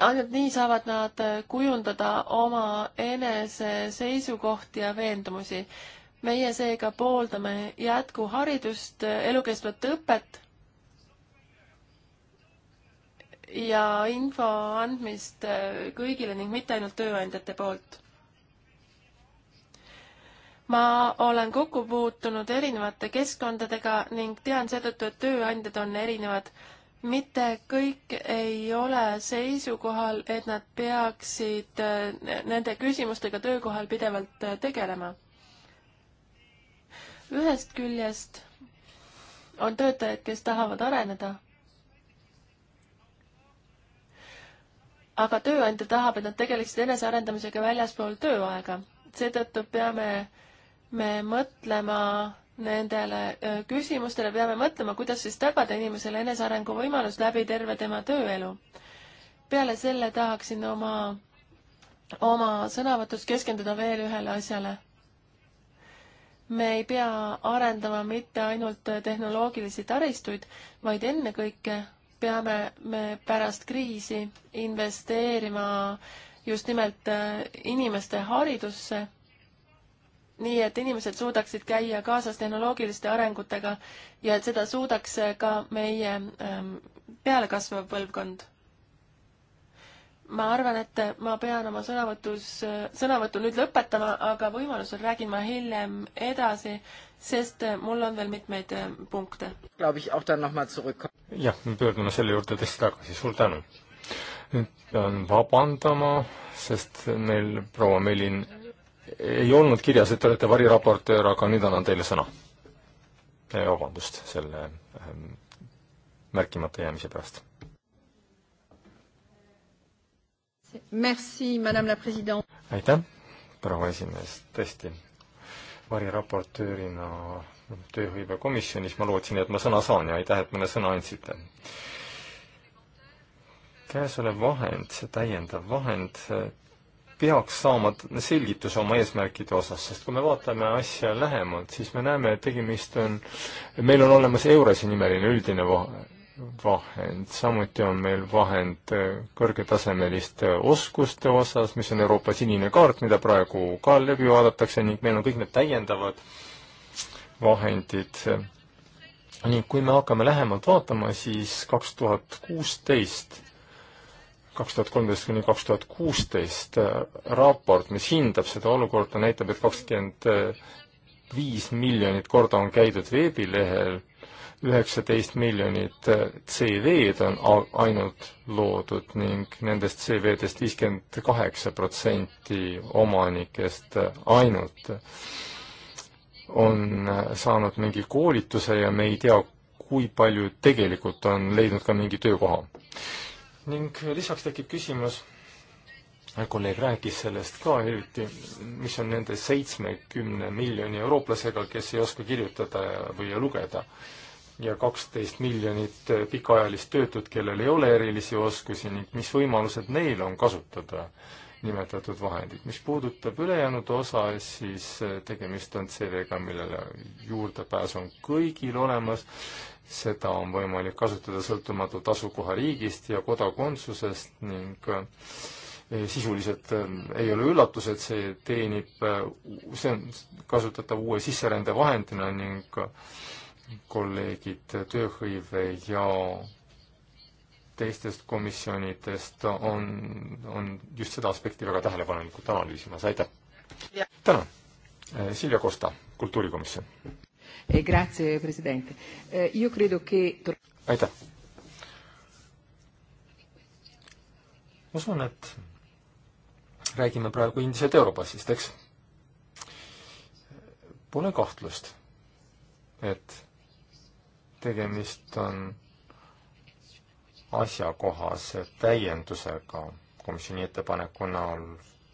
ainult nii saavad nad kujundada oma enese seisukohti ja veendumusi meie seega pooldame jätkuharidust, elukestvat õpet ja info andmist äh, kõigile ning mitte ainult tööandjate poolt. ma olen kokku puutunud erinevate keskkondadega ning tean seetõttu, et tööandjad on erinevad mitte kõik ei ole seisukohal, et nad peaksid äh, nende küsimustega töökohal pidevalt äh, tegelema ühest küljest on töötajaid, kes tahavad areneda, aga tööandja tahab, et nad tegeleksid enesearendamisega väljaspool tööaega. seetõttu peame me mõtlema nendele küsimustele, peame mõtlema, kuidas siis tagada inimesele enesearengu võimalus läbi terve tema tööelu. peale selle tahaksin oma, oma sõnavõtus keskenduda veel ühele asjale me ei pea arendama mitte ainult tehnoloogilisi taristuid, vaid ennekõike peame me pärast kriisi investeerima just nimelt äh, inimeste haridusse, nii et inimesed suudaksid käia kaasas tehnoloogiliste arengutega ja et seda suudaks äh, ka meie ähm, peale kasvav põlvkond ma arvan, et ma pean oma sõnavõtus, sõnavõtu nüüd lõpetama, aga võimalusel räägin ma hiljem edasi, sest mul on veel mitmeid äh, punkte. jah, me pöördume selle juurde tõesti tagasi, suur tänu. nüüd pean vabandama, sest meil proua Melin ei olnud kirjas, et te olete variraportöör, aga nüüd annan teile sõna. Äh, vabandust selle ähm, märkimata jäämise pärast aitäh, proua esimees, tõesti, variraportöörina tööhõivekomisjonis ma lootsin, et ma sõna saan ja aitäh, et mulle sõna andsite. käesolev vahend, see täiendav vahend, peaks saama selgituse oma eesmärkide osas, sest kui me vaatame asja lähemalt, siis me näeme, et tegemist on, meil on olemas EURES-i nimeline üldine vahe vahend, samuti on meil vahend äh, kõrgetasemeliste oskuste osas, mis on Euroopa sinine kaart, mida praegu ka läbi vaadatakse ning meil on kõik need täiendavad vahendid. ning kui me hakkame lähemalt vaatama, siis kaks tuhat kuusteist kaks tuhat kolmteist kuni kaks tuhat kuusteist äh, raport, mis hindab seda olukorda, näitab, et kakskümmend viis miljonit korda on käidud veebilehel üheksateist miljonit CV-d on ainult loodud ning nendest CV-dest viiskümmend kaheksa protsenti omanikest ainult on saanud mingi koolituse ja me ei tea, kui palju tegelikult on leidnud ka mingi töökoha. ning lisaks tekib küsimus, kolleeg rääkis sellest ka hiljuti, mis on nende seitsmekümne miljoni eurooplasega, kes ei oska kirjutada või lugeda ja kaksteist miljonit pikaajalist töötut, kellel ei ole erilisi oskusi ning mis võimalused neil on kasutada nimetatud vahendid. mis puudutab ülejäänud osa, siis äh, tegemist on CV-ga, millele juurdepääs on kõigil olemas, seda on võimalik kasutada sõltumatult asukohariigist ja kodakondsusest ning äh, sisuliselt ähm, ei ole üllatus, et see teenib, äh, see on kasutatav uue sisserände vahendina ning kolleegid tööhõive ja teistest komisjonidest on, on just seda aspekti väga tähelepanelikult analüüsimas, aitäh! tänan! Eh, Silvia Kosta, Kultuurikomisjon. Eh, grazie, president. Eh, io credo che... aitäh! ma usun, et räägime praegu endiselt Europassist, eks? Pole kahtlust, et tegemist on asjakohase täiendusega komisjoni ettepaneku näol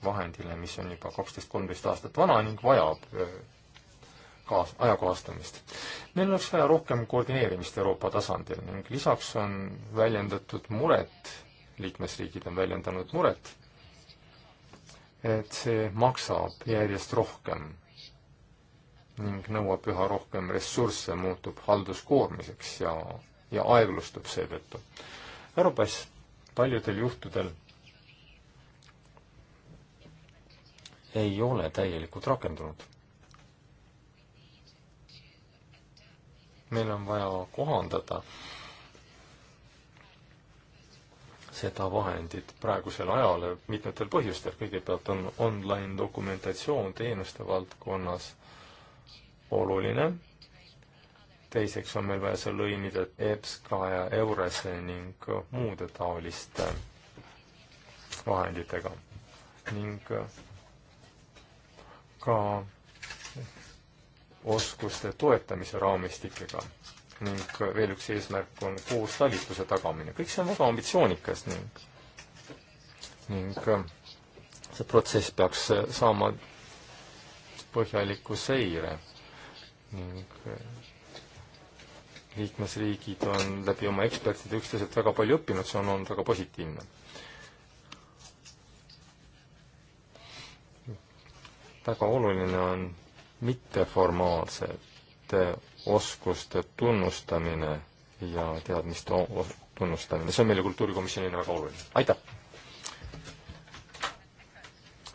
vahendile, mis on juba kaksteist, kolmteist aastat vana ning vajab äh, kaas-, ajakohastamist. meil oleks vaja rohkem koordineerimist Euroopa tasandil ning lisaks on väljendatud muret, liikmesriigid on väljendanud muret, et see maksab järjest rohkem ning nõuab üha rohkem ressursse, muutub halduskoormiseks ja, ja aeglustub seetõttu. Europass paljudel juhtudel ei ole täielikult rakendunud. meil on vaja kohandada seda vahendit praegusel ajal mitmetel põhjustel, kõigepealt on online dokumentatsioon teenuste valdkonnas äh, oluline. teiseks on meil vaja seal lõimida EBSCA ja EURES-e ning muude taoliste vahenditega ning ka oskuste toetamise raamistikega ning veel üks eesmärk on koos talituse tagamine. kõik see on väga ambitsioonikas ning, ning see protsess peaks saama põhjaliku seire ning eh, liikmesriigid on läbi oma ekspertide üksteiselt väga palju õppinud, see on olnud väga positiivne. väga oluline on mitteformaalsete oskuste tunnustamine ja teadmiste tunnustamine, see on meile Kultuurikomisjonina väga oluline, aitäh!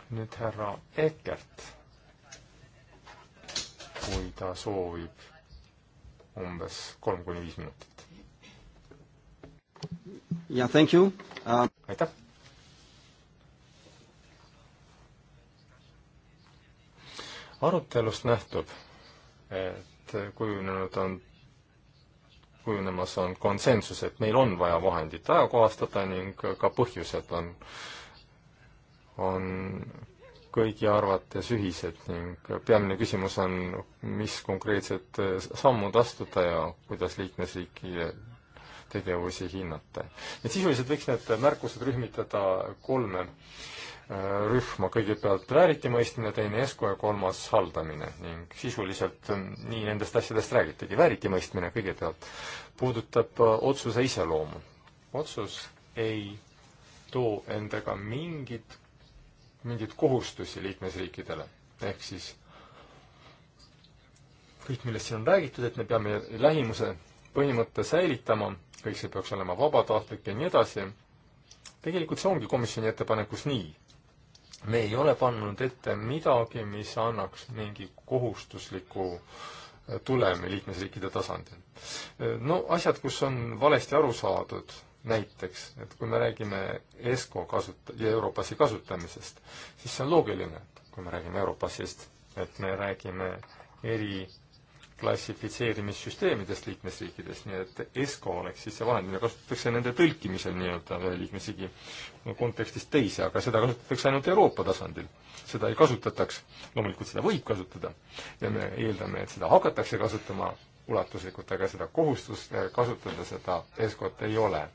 nüüd härra Ekert kui ta soovib umbes kolm kuni viis minutit. jaa, thank you uh.... aitäh. arutelust nähtub, et kujunenud on, kujunemas on konsensus, et meil on vaja vahendit ajakohastada ning ka põhjused on, on kõigi arvates ühised ning peamine küsimus on, mis konkreetsed sammud astuda ja kuidas liikmesriigi tegevusi hinnata. et sisuliselt võiks need märkused rühmitada kolme äh, rühma, kõigepealt vääritimõistmine, teine esku ja kolmas haldamine ning sisuliselt nii nendest asjadest räägitigi. vääritimõistmine kõigepealt puudutab äh, otsuse iseloomu. otsus ei too endaga mingit mingeid kohustusi liikmesriikidele, ehk siis kõik, millest siin on räägitud, et me peame lähimuse põhimõtte säilitama, kõik see peaks olema vabatahtlik ja nii edasi, tegelikult see ongi komisjoni ettepanekus nii. me ei ole pannud ette midagi, mis annaks mingi kohustusliku eh, tulemi liikmesriikide tasandil. Eh, no asjad, kus on valesti aru saadud näiteks, et kui me räägime ESCO kasut- ja Europassi kasutamisest, siis see on loogiline, kui me räägime Europassist, et me räägime eri klassifitseerimissüsteemidest liikmesriikides, nii et ESCO oleks siis see vahend, mida kasutatakse nende tõlkimisel nii-öelda ühe liikmesriigi kontekstist teise, aga seda kasutatakse ainult Euroopa tasandil. seda ei kasutataks, loomulikult seda võib kasutada ja me eeldame, et seda hakatakse kasutama ulatuslikult, aga seda kohustust äh, kasutada seda eeskord ei ole.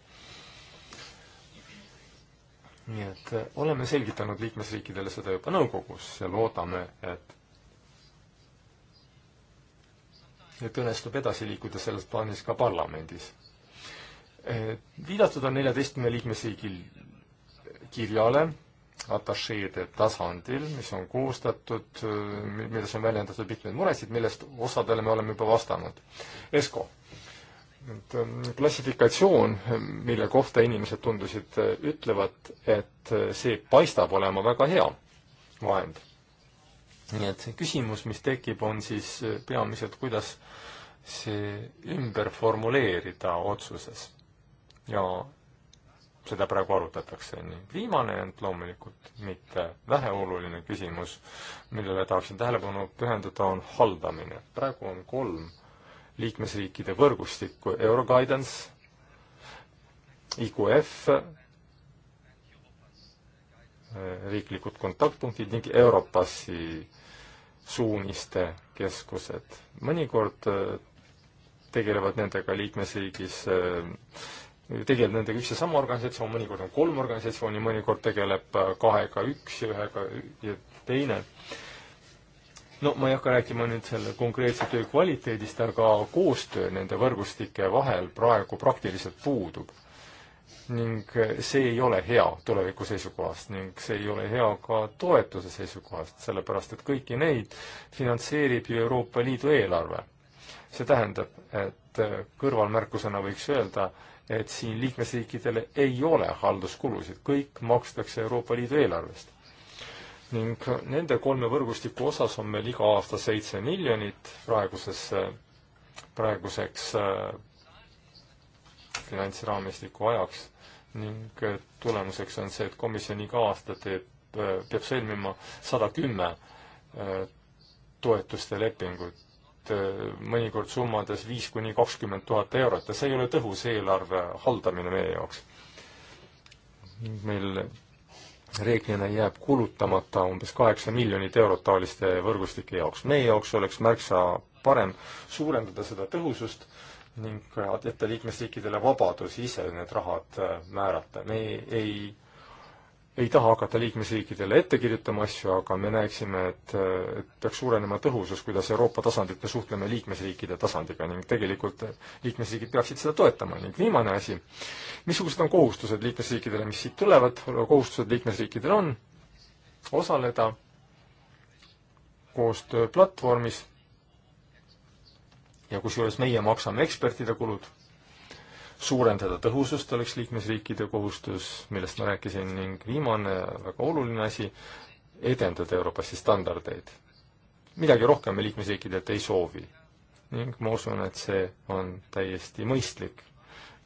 nii et äh, oleme selgitanud liikmesriikidele seda juba nõukogus ja loodame, et et õnnestub edasi liikuda selles plaanis ka parlamendis. Äh, viidatud on neljateistkümne liikmesriigil kirjale, atašeede tasandil, mis on koostatud, milles on väljendatud mitmeid muresid, millest osadele me oleme juba vastanud. ESCO. et ähm, klassifikatsioon, mille kohta inimesed tundusid, äh, ütlevad, et äh, see paistab olema väga hea vahend. nii et see küsimus, mis tekib, on siis äh, peamiselt, kuidas see ümber formuleerida otsuses ja seda praegu arutatakse, on ju. viimane on loomulikult mitte väheoluline küsimus, millele tahaksin tähelepanu pühendada, on haldamine. praegu on kolm liikmesriikide võrgustikku, Euroguidance, IQF, eh, riiklikud kontaktpunktid ning Europassi suuniste keskused. mõnikord eh, tegelevad nendega liikmesriigis äh, tegeleb nendega üks ja sama organisatsioon, mõnikord on kolm organisatsiooni, mõnikord tegeleb äh, kahega üks ja ühega ja teine. no ma ei hakka rääkima nüüd selle konkreetse töö kvaliteedist, aga koostöö nende võrgustike vahel praegu praktiliselt puudub. ning äh, see ei ole hea tuleviku seisukohast ning see ei ole hea ka toetuse seisukohast, sellepärast et kõiki neid finantseerib ju Euroopa Liidu eelarve. see tähendab, et äh, kõrvalmärkusena võiks öelda, et siin liikmesriikidele ei ole halduskulusid, kõik makstakse Euroopa Liidu eelarvest. ning nende kolme võrgustiku osas on meil iga aasta seitse miljonit praeguses, praeguseks äh, finantsraamistiku ajaks ning äh, tulemuseks on see, et komisjon iga aasta teeb, äh, peab sõlmima sada kümme toetuste lepingut Äh, mõnikord summades viis kuni kakskümmend tuhat eurot ja see ei ole tõhus eelarve haldamine meie jaoks. meil reeglina jääb kulutamata umbes kaheksa miljonit eurot taoliste võrgustike jaoks. meie jaoks oleks märksa parem suurendada seda tõhusust ning jätta liikmesriikidele vabadus ise need rahad äh, määrata. me ei, ei ei taha hakata liikmesriikidele ette kirjutama asju, aga me näeksime, et, et peaks suurenema tõhusus, kuidas Euroopa tasandilt me suhtleme liikmesriikide tasandiga ning tegelikult liikmesriigid peaksid seda toetama ning viimane asi, missugused on kohustused liikmesriikidele, mis siit tulevad, kohustused liikmesriikidel on osaleda koostööplatvormis ja kusjuures meie maksame ekspertide kulud suurendada tõhusust oleks liikmesriikide kohustus, millest ma rääkisin, ning viimane väga oluline asi, edendada Euroopasse standardeid. midagi rohkem me liikmesriikidelt ei soovi. ning ma usun, et see on täiesti mõistlik,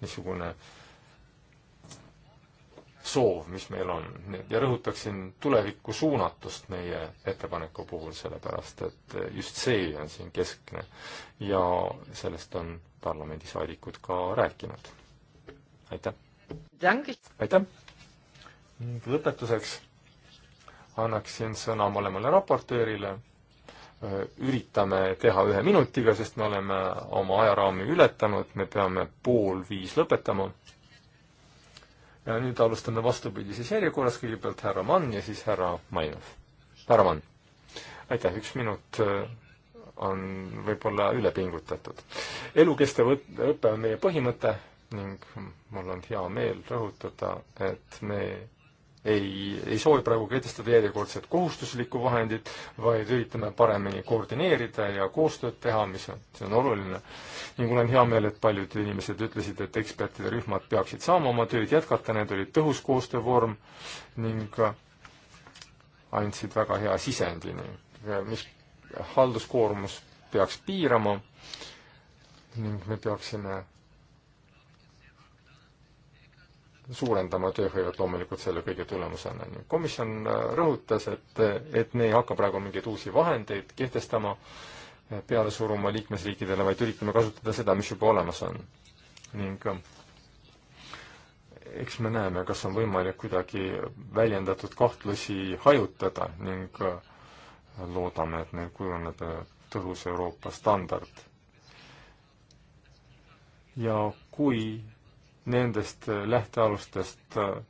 niisugune äh, soov, mis meil on. ja rõhutaksin tulevikku suunatust meie ettepaneku puhul, sellepärast et just see on siin keskne ja sellest on parlamendisaadikud ka rääkinud. aitäh! aitäh! ning lõpetuseks annaksin sõna mõlemale raportöörile, üritame teha ühe minutiga, sest me oleme oma ajaraami ületanud, me peame pool viis lõpetama ja nüüd alustame vastupidises järjekorras, kõigepealt härra Mann ja siis härra Mainov. härra Mann. aitäh, üks minut äh, on võib-olla üle pingutatud. elukestev õpe on meie põhimõte ning mul on hea meel rõhutada, et me ei, ei soovi praegu kehtestada järjekordset kohustuslikku vahendit, vaid üritame paremini koordineerida ja koostööd teha, mis on, see on oluline. ning mul on hea meel, et paljud inimesed ütlesid, et ekspertide rühmad peaksid saama oma tööd jätkata, need olid tõhus koostöövorm ning andsid väga hea sisendini, mis halduskoormus peaks piirama ning me peaksime suurendama tööhõivet loomulikult selle kõige tulemusena. komisjon äh, rõhutas, et, et me ei hakka praegu mingeid uusi vahendeid kehtestama, äh, peale suruma liikmesriikidele, vaid üritame kasutada seda, mis juba olemas on. ning äh, eks me näeme, kas on võimalik kuidagi väljendatud kahtlusi hajutada ning loodame, et meil kujuneb tõhus Euroopa standard. ja kui nendest äh, lähtealustest äh,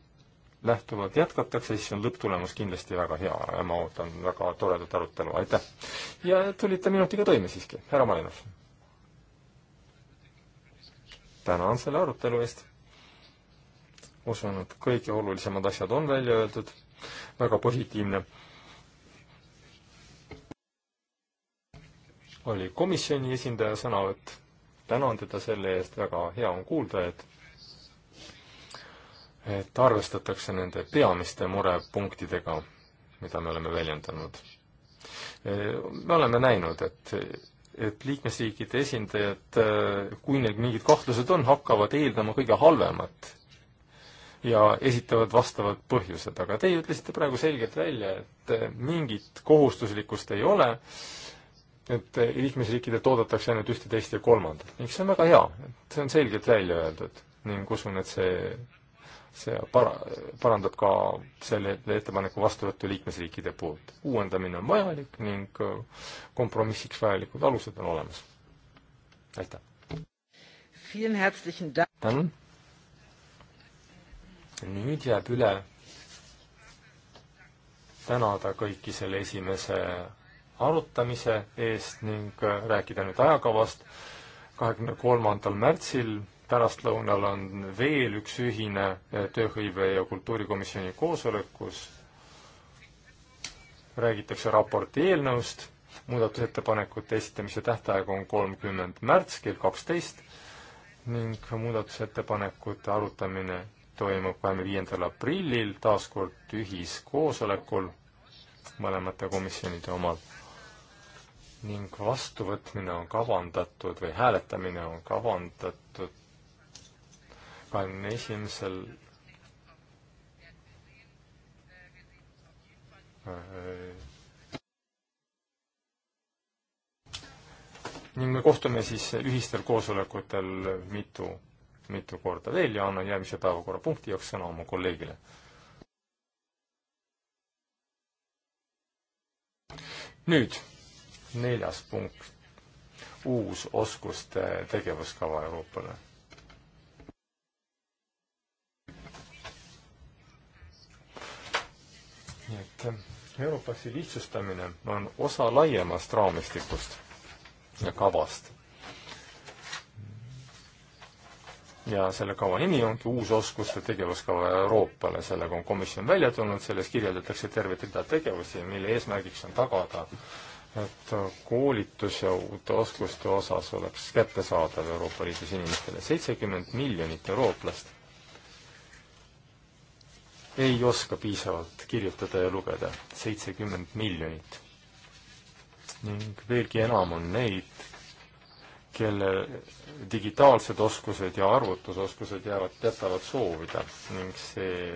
lähtuvalt jätkatakse, siis on lõpptulemus kindlasti väga hea ja ma ootan väga toredat arutelu, aitäh! ja tulite minutiga toime siiski, härra Malinov. tänan selle arutelu eest. usun, et kõige olulisemad asjad on välja öeldud, väga positiivne. oli komisjoni esindaja sõnavõtt, tänan teda selle eest, väga hea on kuulda, et et arvestatakse nende peamiste murepunktidega, mida me oleme väljendanud. me oleme näinud, et et liikmesriikide esindajad, kui neil mingid kahtlused on, hakkavad eeldama kõige halvemat ja esitavad vastavad põhjused, aga teie ütlesite praegu selgelt välja, et mingit kohustuslikkust ei ole, et liikmesriikidelt oodatakse ainult ühte, teist ja kolmandat ning see on väga hea, et see on selgelt välja öeldud ning usun, et see see para-, parandab ka selle ettepaneku vastuvõttu liikmesriikide poolt. uuendamine on vajalik ning äh, kompromissiks vajalikud alused on olemas. aitäh! tänan! nüüd jääb üle tänada kõiki selle esimese arutamise eest ning äh, rääkida nüüd ajakavast. kahekümne kolmandal märtsil pärastlõunal on veel üks ühine eh, tööhõive ja kultuurikomisjoni koosolek, kus räägitakse raporti eelnõust, muudatusettepanekute esitamise tähtaeg on kolmkümmend märts kell kaksteist ning muudatusettepanekute arutamine toimub kahekümne viiendal aprillil taas kord ühiskoosolekul mõlemate komisjonide omal ning vastuvõtmine on kavandatud või hääletamine on kavandatud kahekümne esimesel äh, ning me kohtume siis ühistel koosolekutel mitu, mitu korda veel ja annan järgmise päevakorrapunkti jaoks sõna oma kolleegile. nüüd neljas punkt, uus oskuste tegevuskava Euroopale nii et Europassi lihtsustamine on osa laiemast raamistikust ja kavast. ja selle kava nimi ongi Uus oskuste tegevuskava Euroopale, sellega on komisjon välja tulnud, selles kirjeldatakse tervet rida tegevusi, mille eesmärgiks on tagada, et koolitus ja uute oskuste osas oleks kättesaadav Euroopa Liidus inimestele seitsekümmend miljonit eurooplast ei oska piisavalt kirjutada ja lugeda, seitsekümmend miljonit. ning veelgi enam on neid, kelle digitaalsed oskused ja arvutusoskused jäävad, jätavad soovida ning see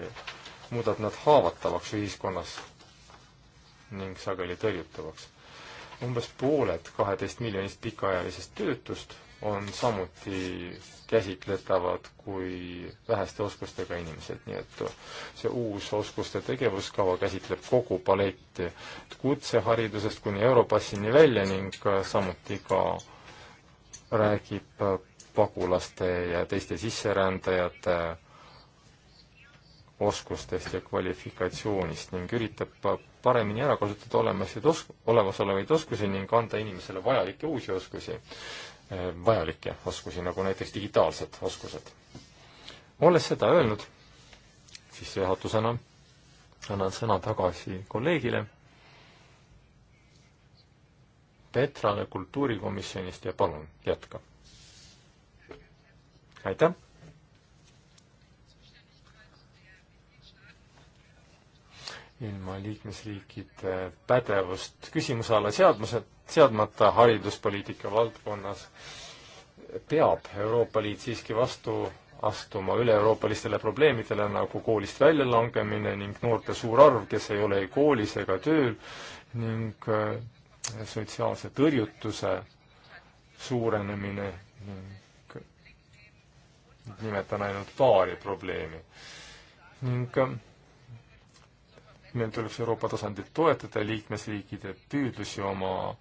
muudab nad haavatavaks ühiskonnas ning sageli tõrjutavaks. umbes pooled kaheteist miljonist pikaajalisest töötust on samuti käsitletavad kui väheste oskustega inimesed, nii et see uus oskuste tegevuskava käsitleb kogu paletti kutseharidusest kuni Europassini välja ning samuti ka räägib pagulaste ja teiste sisserändajate oskustest ja kvalifikatsioonist ning üritab paremini ära kasutada olemasid os-, olemasolevaid oskusi ning anda inimesele vajalikke uusi oskusi vajalikke oskusi, nagu näiteks digitaalsed oskused. olles seda öelnud, sissejuhatusena annan sõna tagasi kolleegile Petrale kultuurikomisjonist ja palun, jätka. aitäh! ilma liikmesriikide pädevust küsimuse alla seadmiseta seadmata hariduspoliitika valdkonnas, peab Euroopa Liit siiski vastu astuma üle-euroopalistele probleemidele, nagu koolist väljalangemine ning noorte suur arv, kes ei ole ei koolis ega tööl, ning äh, sotsiaalse tõrjutuse suurenemine ning nimetan ainult paari probleemi. ning äh, meil tuleks Euroopa tasandil toetada liikmesriikide püüdlusi oma äh,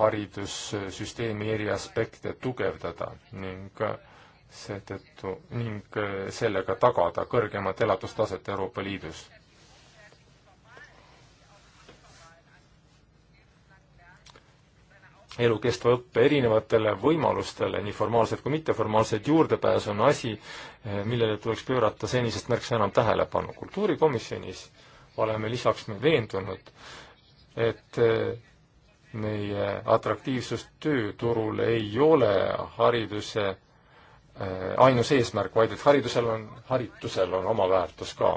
haridussüsteemi eri aspekte tugevdada ning seetõttu ning eh, sellega tagada kõrgemat elatustaset Euroopa Liidus. elukestva õppe erinevatele võimalustele, nii formaalsed kui mitteformaalsed, juurdepääs on asi, eh, millele tuleks pöörata senisest märksa enam tähelepanu. kultuurikomisjonis oleme lisaks me veendunud, et eh, meie atraktiivsust tööturul ei ole hariduse äh, ainus eesmärk, vaid et haridusel on, haritusel on oma väärtus ka.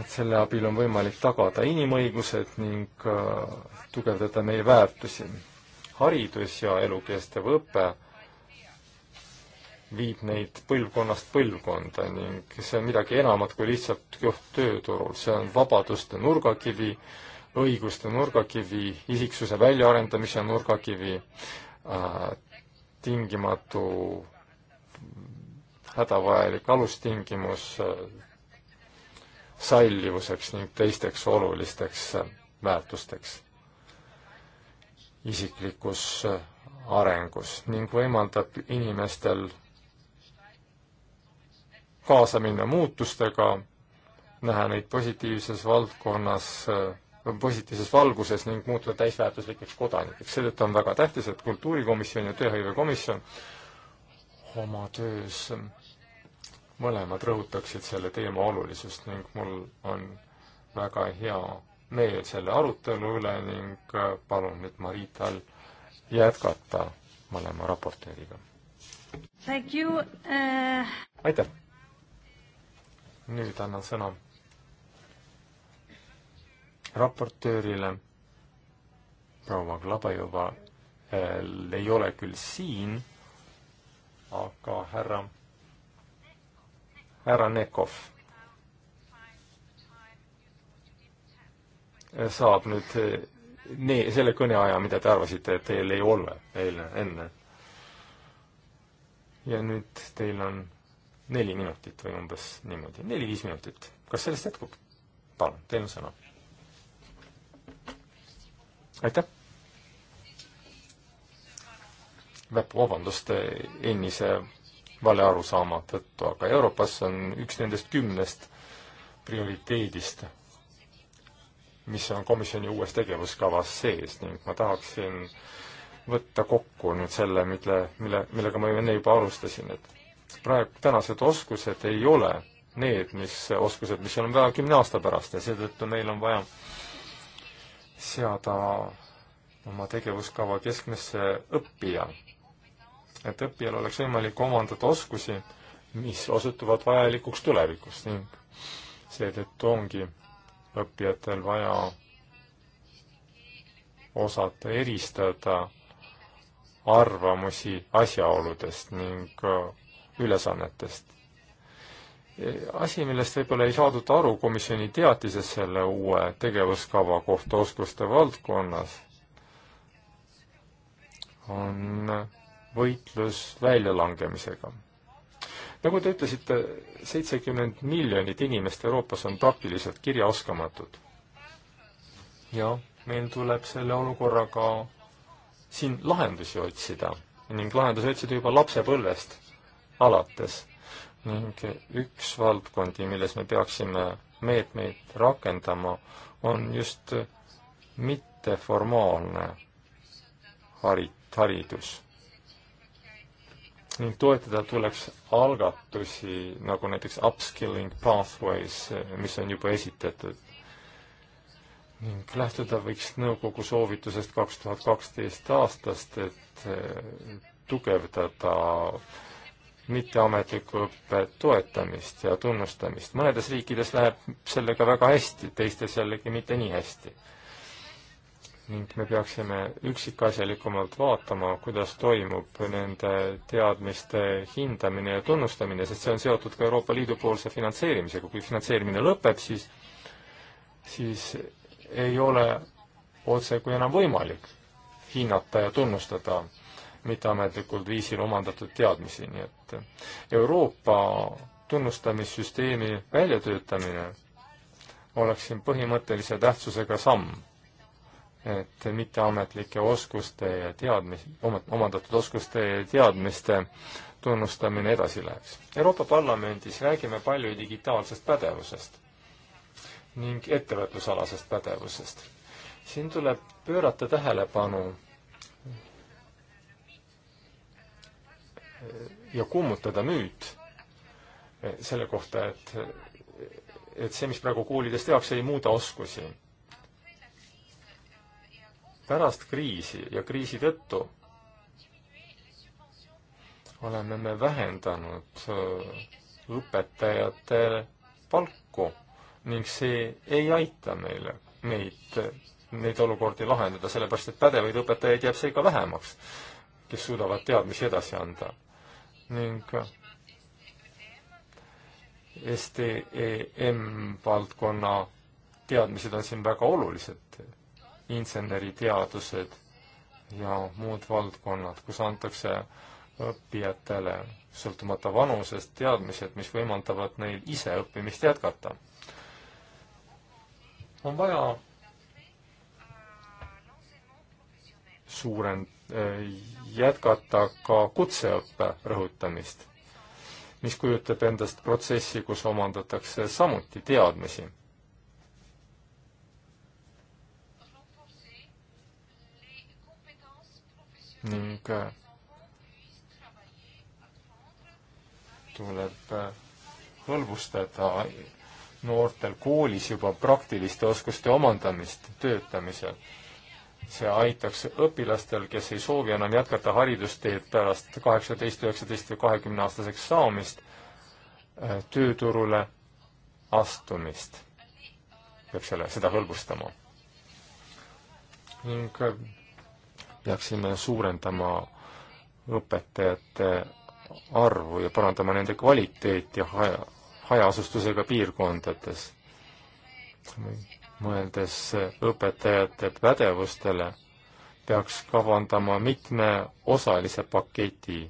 et selle abil on võimalik tagada inimõigused ning äh, tugevdada meie väärtusi. haridus ja elukestev õpe viib neid põlvkonnast põlvkonda ning see on midagi enamat kui lihtsalt koht tööturul, see on vabaduste nurgakivi, õiguste nurgakivi, isiksuse väljaarendamise nurgakivi, äh, tingimatu hädavajalik alustingimus äh, sallivuseks ning teisteks olulisteks äh, väärtusteks isiklikus arengus ning võimaldab inimestel kaasa minna muutustega, näha neid positiivses valdkonnas positiivses valguses ning muutuda täisväärtuslikeks kodanikeks. seetõttu on väga tähtis, et Kultuurikomisjon ja Tööhõivekomisjon oma töös mõlemad rõhutaksid selle teema olulisust ning mul on väga hea meel selle arutelu üle ning äh, palun nüüd Marital jätkata mõlema raportööriga. Thank you uh.... aitäh. nüüd annan sõna raportöörile proua Glabajova eh, ei ole küll siin, aga härra, härra Nekov saab nüüd eh, nii, selle kõneaja, mida te arvasite, et teil ei ole eile, enne. ja nüüd teil on neli minutit või umbes niimoodi, neli-viis minutit. kas sellest jätkub? palun, teil on sõna aitäh! vabandust ennise valearusaama tõttu, aga Euroopas on üks nendest kümnest prioriteedist, mis on komisjoni uues tegevuskavas sees ning ma tahaksin võtta kokku nüüd selle, mille, mille, millega ma enne juba alustasin, et praegu tänased oskused ei ole need, mis, oskused, mis on vaja kümne aasta pärast ja seetõttu meil on vaja seada oma tegevuskava keskmesse õppija. et õppijal oleks võimalik omandada oskusi, mis osutuvad vajalikuks tulevikus ning seetõttu ongi õppijatel vaja osata eristada arvamusi asjaoludest ning ülesannetest asi, millest võib-olla ei saadud aru komisjoni teatises selle uue tegevuskava kohta oskuste valdkonnas, on võitlus väljalangemisega. nagu te ütlesite, seitsekümmend miljonit inimest Euroopas on praktiliselt kirjaoskamatud. ja meil tuleb selle olukorraga siin lahendusi otsida ning lahendusi otsida juba lapsepõlvest alates ning üks valdkondi, milles me peaksime meetmeid rakendama, on just mitteformaalne hari-, haridus. ning toetada tuleks algatusi, nagu näiteks upskilling pathways, mis on juba esitatud ning lähtuda võiks nõukogu soovitusest kaks tuhat kaksteist aastast, et eh, tugevdada mitteametliku õppe toetamist ja tunnustamist. mõnedes riikides läheb sellega väga hästi, teistes jällegi mitte nii hästi. ning me peaksime üksikasjalikumalt vaatama, kuidas toimub nende teadmiste hindamine ja tunnustamine, sest see on seotud ka Euroopa Liidu poolse finantseerimisega. kui finantseerimine lõpeb, siis, siis ei ole otsekui enam võimalik hinnata ja tunnustada mitteametlikul viisil omandatud teadmisi, nii et eh, Euroopa tunnustamissüsteemi väljatöötamine oleks siin põhimõttelise tähtsusega samm, et mitteametlike oskuste ja teadmis-, omandatud oskuste ja teadmiste tunnustamine edasi läheks. Euroopa Parlamendis räägime palju digitaalsest pädevusest ning ettevõtlusalasest pädevusest. siin tuleb pöörata tähelepanu ja kummutada müüt eh, selle kohta, et, et see, mis praegu koolides tehakse, ei muuda oskusi. pärast kriisi ja kriisi tõttu oleme me vähendanud eh, õpetajate palku ning see ei aita meile neid, neid olukordi lahendada, sellepärast et pädevaid õpetajaid jääb seega vähemaks, kes suudavad teadmisi edasi anda ning STEM valdkonna teadmised on siin väga olulised, inseneriteadused ja muud valdkonnad, kus antakse õppijatele sõltumata vanusest teadmised, mis võimaldavad neil ise õppimist jätkata. on vaja suurend-, jätkata ka kutseõppe rõhutamist, mis kujutab endast protsessi, kus omandatakse samuti teadmisi. ning äh, tuleb äh, hõlbustada noortel koolis juba praktiliste oskuste omandamist töötamisel see aitaks õpilastel, kes ei soovi enam jätkata haridusteed pärast kaheksateist, üheksateist või kahekümne aastaseks saamist, äh, tööturule astumist. peab selle, seda hõlbustama. ning äh, peaksime suurendama õpetajate arvu ja parandama nende kvaliteeti haja, hajaasustusega piirkondades mõeldes õpetajate pädevustele, peaks kavandama mitmeosalise paketi,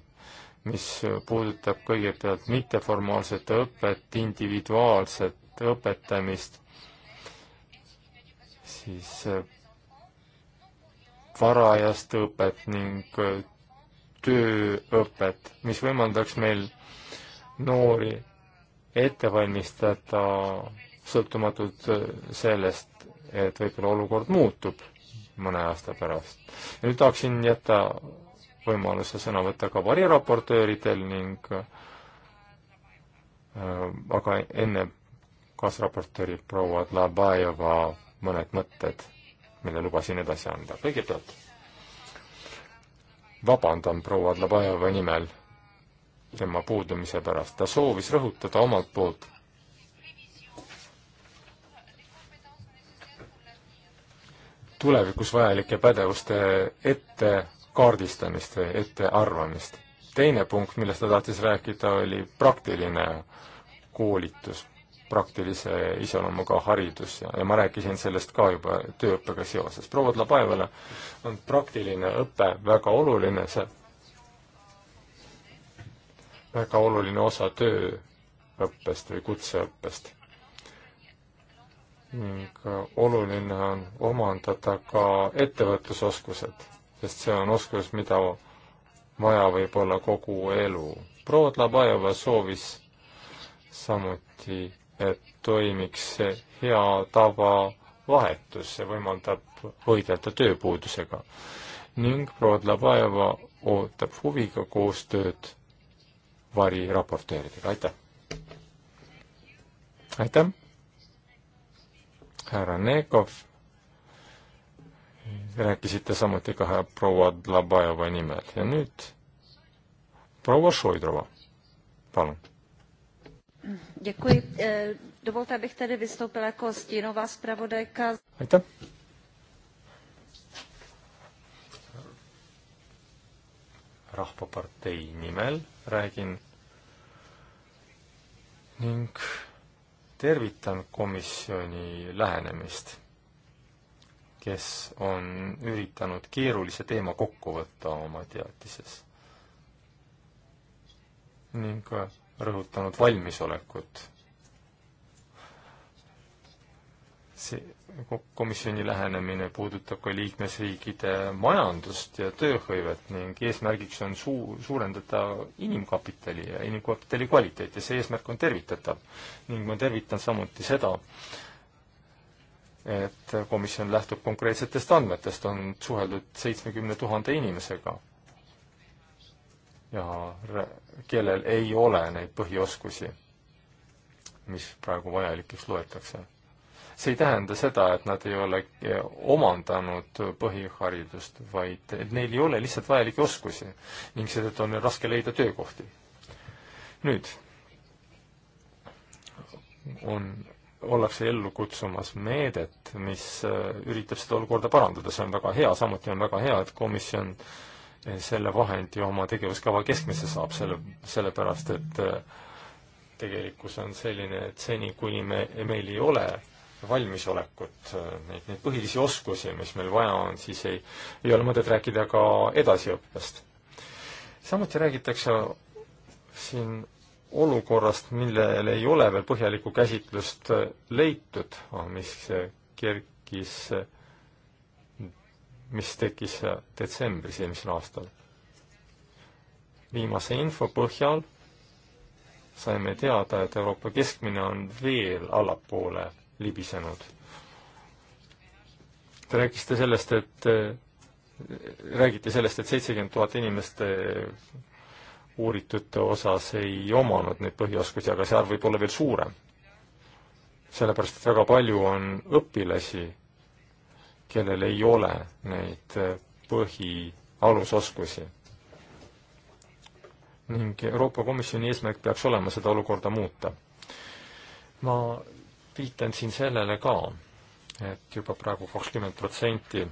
mis puudutab kõigepealt mitteformaalset õpet, individuaalset õpetamist, siis äh, varajast õpet ning äh, tööõpet, mis võimaldaks meil noori ette valmistada sõltumatult äh, sellest, et võib-olla olukord muutub mõne aasta pärast. ja nüüd tahaksin jätta võimaluse sõna võtta ka variraportööridel ning äh, aga enne kaasraportööri proua Dlabajeva mõned mõtted, mille lubasin edasi anda. kõigepealt vabandan proua Dlabajeva nimel tema puudumise pärast. ta soovis rõhutada omalt poolt tulevikus vajalike pädevuste ettekaardistamist või ettearvamist. teine punkt, millest ta tahtis rääkida, oli praktiline koolitus, praktilise iseloomuga haridus ja, ja ma rääkisin sellest ka juba tööõppega seoses. proua Tlabaevale on praktiline õpe väga oluline, see väga oluline osa tööõppest või kutseõppest ning äh, oluline on omandada ka ettevõtlusoskused, sest see on oskus, mida vaja võib olla kogu elu. proua Tlabajeva soovis samuti, et toimiks hea tava vahetus, see võimaldab võidelda tööpuudusega. ning proua Tlabajeva ootab huviga koostööd variraportööridega, aitäh! aitäh! härra Nekov, rääkisite samuti kahe proua Dlabajeva nimel ja nüüd proua Šoidrova, palun. E, aitäh. rahvapartei nimel räägin ning tervitan komisjoni lähenemist, kes on üritanud keerulise teema kokku võtta oma teatises ning rõhutanud valmisolekut see komisjoni lähenemine puudutab ka liikmesriikide majandust ja tööhõivet ning eesmärgiks on suu-, suurendada inimkapitali ja inimkapitali kvaliteeti ja see eesmärk on tervitatav. ning ma tervitan samuti seda, et komisjon lähtub konkreetsetest andmetest, on suheldud seitsmekümne tuhande inimesega ja kellel ei ole neid põhioskusi, mis praegu vajalikeks loetakse see ei tähenda seda, et nad ei ole eh, omandanud põhiharidust, vaid et neil ei ole lihtsalt vajalikke oskusi ning seetõttu on neil raske leida töökohti. nüüd on, ollakse ellu kutsumas meedet, mis eh, üritab seda olukorda parandada, see on väga hea, samuti on väga hea, et komisjon eh, selle vahendi oma tegevuskava keskmesse saab, selle, sellepärast et tegelikkus on selline, et seni, kuni me, meil ei ole valmisolekut, neid, neid põhilisi oskusi, mis meil vaja on, siis ei, ei ole mõtet rääkida ka edasiõppest. samuti räägitakse siin olukorrast, millel ei ole veel põhjalikku käsitlust leitud, ah, mis kerkis, mis tekkis detsembris eelmisel aastal. viimase info põhjal saime teada, et Euroopa keskmine on veel allapoole libisenud. Te rääkisite sellest, et eh, räägite sellest, et seitsekümmend tuhat inimest uuritute osas ei omanud neid põhioskusi, aga see arv võib olla veel suurem. sellepärast, et väga palju on õpilasi, kellel ei ole neid eh, põhialusoskusi. ning Euroopa Komisjoni eesmärk peaks olema seda olukorda muuta. ma viitan siin sellele ka, et juba praegu kakskümmend protsenti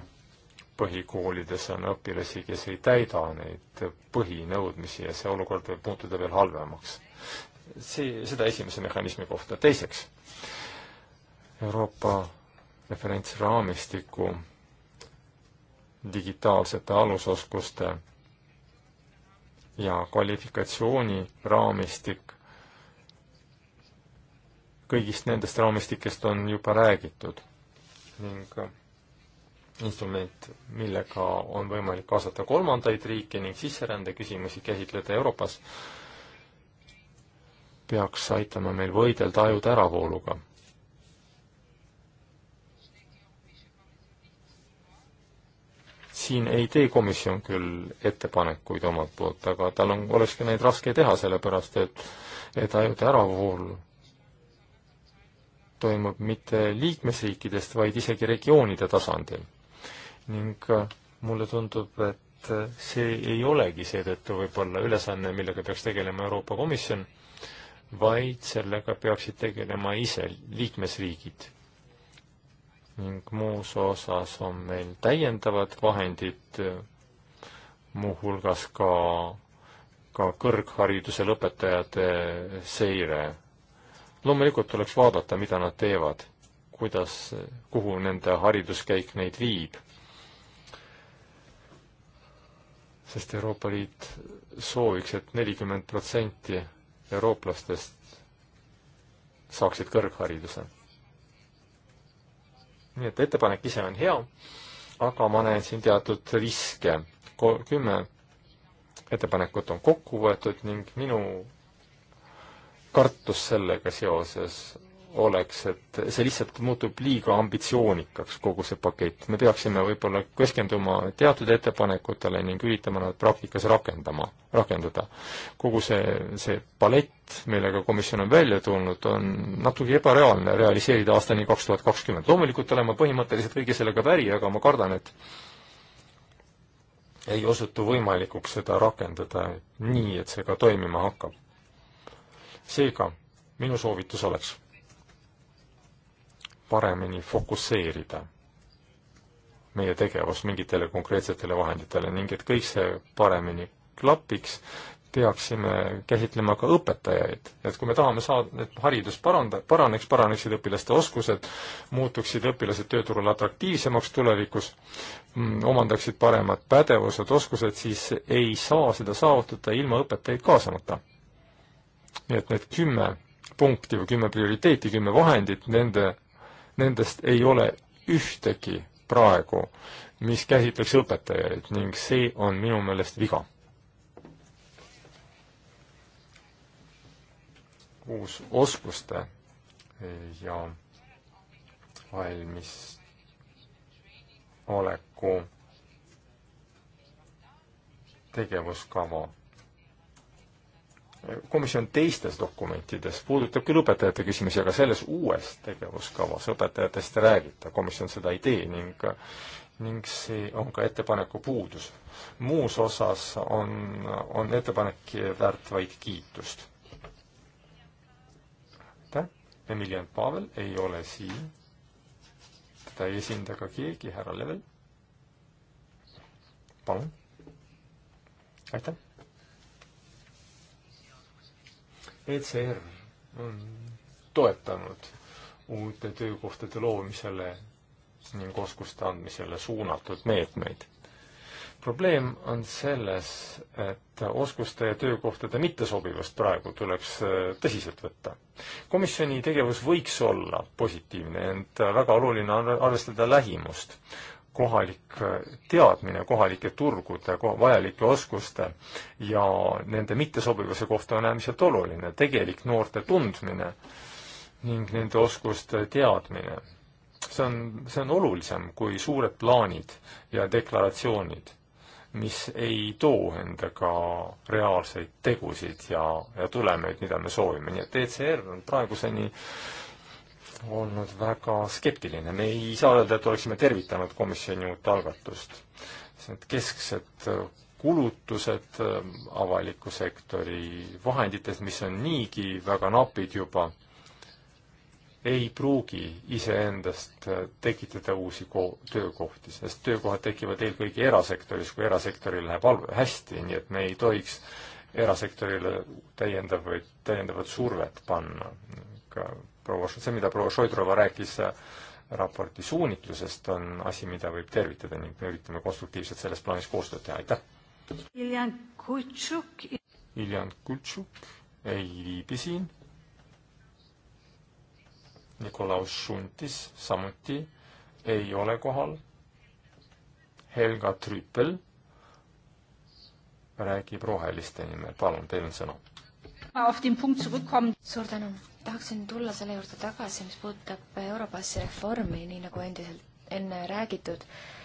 põhikoolides on õpilasi, kes ei täida neid põhinõudmisi ja see olukord võib muutuda veel halvemaks. see, seda esimese mehhanismi kohta. teiseks, Euroopa referentsraamistiku digitaalsete alusoskuste ja kvalifikatsiooni raamistik kõigist nendest raamistikest on juba räägitud ning äh, instrument, millega on võimalik kaasata kolmandaid riike ning sisserände küsimusi käsitleda Euroopas, peaks aitama meil võidelda ajude äravooluga. siin ei tee komisjon küll ettepanekuid omalt poolt, aga tal on, olekski neid raske teha, sellepärast et et ajude äravool toimub mitte liikmesriikidest, vaid isegi regioonide tasandil. ning äh, mulle tundub, et äh, see ei olegi seetõttu võib-olla ülesanne, millega peaks tegelema Euroopa Komisjon, vaid sellega peaksid tegelema ise liikmesriigid. ning muus osas on meil täiendavad vahendid, äh, muuhulgas ka, ka kõrghariduse lõpetajate seire loomulikult tuleks vaadata, mida nad teevad, kuidas, kuhu nende hariduskäik neid viib. sest Euroopa Liit sooviks et, et nelikümmend protsenti eurooplastest saaksid kõrghariduse. nii et ettepanek ise on hea, aga ma näen siin teatud riske. kümme ettepanekut on kokku võetud ning minu kartus sellega seoses oleks, et see lihtsalt muutub liiga ambitsioonikaks, kogu see pakett. me peaksime võib-olla keskenduma teatud ettepanekutele ning üritama nad praktikas rakendama, rakendada. kogu see, see palett, millega komisjon on välja tulnud, on natuke ebareaalne realiseerida aastani kaks tuhat kakskümmend. loomulikult olen ma põhimõtteliselt kõige sellega päri, aga ma kardan, et ei osutu võimalikuks seda rakendada nii, et see ka toimima hakkab seega minu soovitus oleks paremini fokusseerida meie tegevus mingitele konkreetsetele vahenditele ning et kõik see paremini klapiks, peaksime käsitlema ka õpetajaid, et kui me tahame saada, et haridus paranda-, paraneks, paraneksid õpilaste oskused, muutuksid õpilased tööturul atraktiivsemaks tulevikus, mm, omandaksid paremad pädevused, oskused, siis ei saa seda saavutada ilma õpetajaid kaasamata nii et need kümme punkti või kümme prioriteeti, kümme vahendit, nende, nendest ei ole ühtegi praegu, mis käsitleks õpetajaid ning see on minu meelest viga. uus oskuste ja valmisoleku tegevuskava komisjon teistes dokumentides puudutab küll õpetajate küsimusi, aga selles uues tegevuskavas õpetajatest ei räägita, komisjon seda ei tee ning ning see on ka ettepaneku puudus. muus osas on, on ettepanek väärt vaid kiitust. aitäh, Emilian Pavel ei ole siin, teda ei esinda ka keegi, härra Level. palun. aitäh ECR on toetanud uute töökohtade loomisele ning oskuste andmisele suunatud meetmeid. probleem on selles, et oskuste ja töökohtade mittesobivust praegu tuleks äh, tõsiselt võtta. komisjoni tegevus võiks olla positiivne, ent väga oluline on arvestada lähimust kohalik äh, teadmine kohalike turgude vajalike oskuste ja nende mittesobivuse kohta on äärmiselt oluline, tegelik noorte tundmine ning nende oskuste teadmine. see on, see on olulisem kui suured plaanid ja deklaratsioonid, mis ei too endaga reaalseid tegusid ja, ja tulemeid, mida me soovime, nii et ECR on praeguseni äh, olnud väga skeptiline. me ei saa öelda, et oleksime tervitanud komisjoni uut algatust. Need kesksed kulutused ähm, avaliku sektori vahendites, mis on niigi väga napid juba, ei pruugi iseendast äh, tekitada uusi ko-, töökohti, sest töökohad tekivad eelkõige erasektoris, kui erasektoril läheb halb-, hästi, nii et me ei tohiks erasektorile täiendavaid, täiendavat survet panna. ka proua, see, mida proua Šoidrova rääkis äh, raporti suunitlusest, on asi, mida võib tervitada ning me üritame konstruktiivselt selles plaanis koostööd teha, aitäh! Iljan Kutšuk. Iljan Kutšuk ei viibi siin. Nikolaus Šuntis samuti ei ole kohal. Helga Trüppel räägib roheliste nimel, palun, teil on sõna. suur tänu tahaksin tulla selle juurde tagasi, mis puudutab Europassi reformi, nii nagu endiselt enne räägitud äh,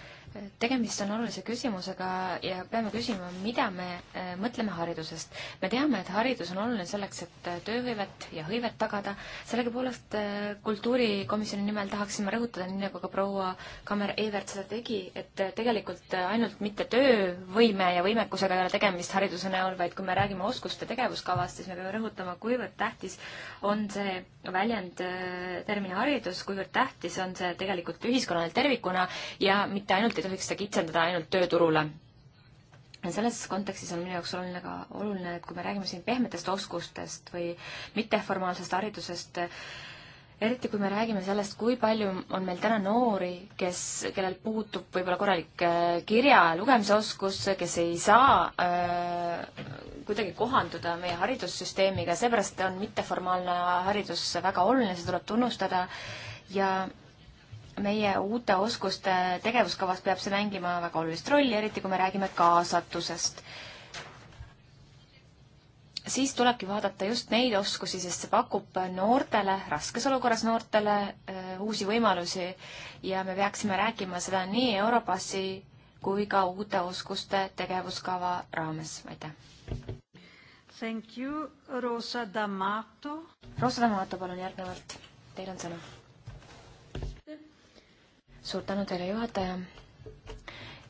tegemist on olulise küsimusega ja peame küsima, mida me äh, mõtleme haridusest. me teame, et haridus on oluline selleks, et äh, tööhõivet ja hõivet tagada. sellegipoolest äh, kultuurikomisjoni nimel tahaksime rõhutada, nii nagu ka proua Kammer Evert seda tegi, et tegelikult ainult mitte töövõime ja võimekusega ei ole tegemist hariduse näol, vaid kui me räägime oskuste tegevuskavast, siis me peame rõhutama, kuivõrd tähtis on see väljend, termin haridus, kuivõrd tähtis on see tegelikult ühiskonnale tervikuna ja mitte ainult ei tohiks seda kitsendada ainult tööturule. selles kontekstis on minu jaoks oluline ka, oluline, et kui me räägime siin pehmetest oskustest või mitteformaalsest haridusest, eriti kui me räägime sellest, kui palju on meil täna noori, kes, kellel puutub võib-olla korralik äh, kirja ja lugemise oskus, kes ei saa äh, kuidagi kohanduda meie haridussüsteemiga, seepärast on mitteformaalne haridus väga oluline, seda tuleb tunnustada ja meie uute oskuste tegevuskavas peab see mängima väga olulist rolli, eriti kui me räägime kaasatusest. siis tulebki vaadata just neid oskusi, sest see pakub noortele, raskes olukorras noortele äh, uusi võimalusi ja me peaksime rääkima seda nii Europassi kui ka uute oskuste tegevuskava raames, aitäh. Thank you, Rosa D'Amato. Rosa D'Amato, palun järgnevalt, teil on sõna suur tänu teile, juhataja.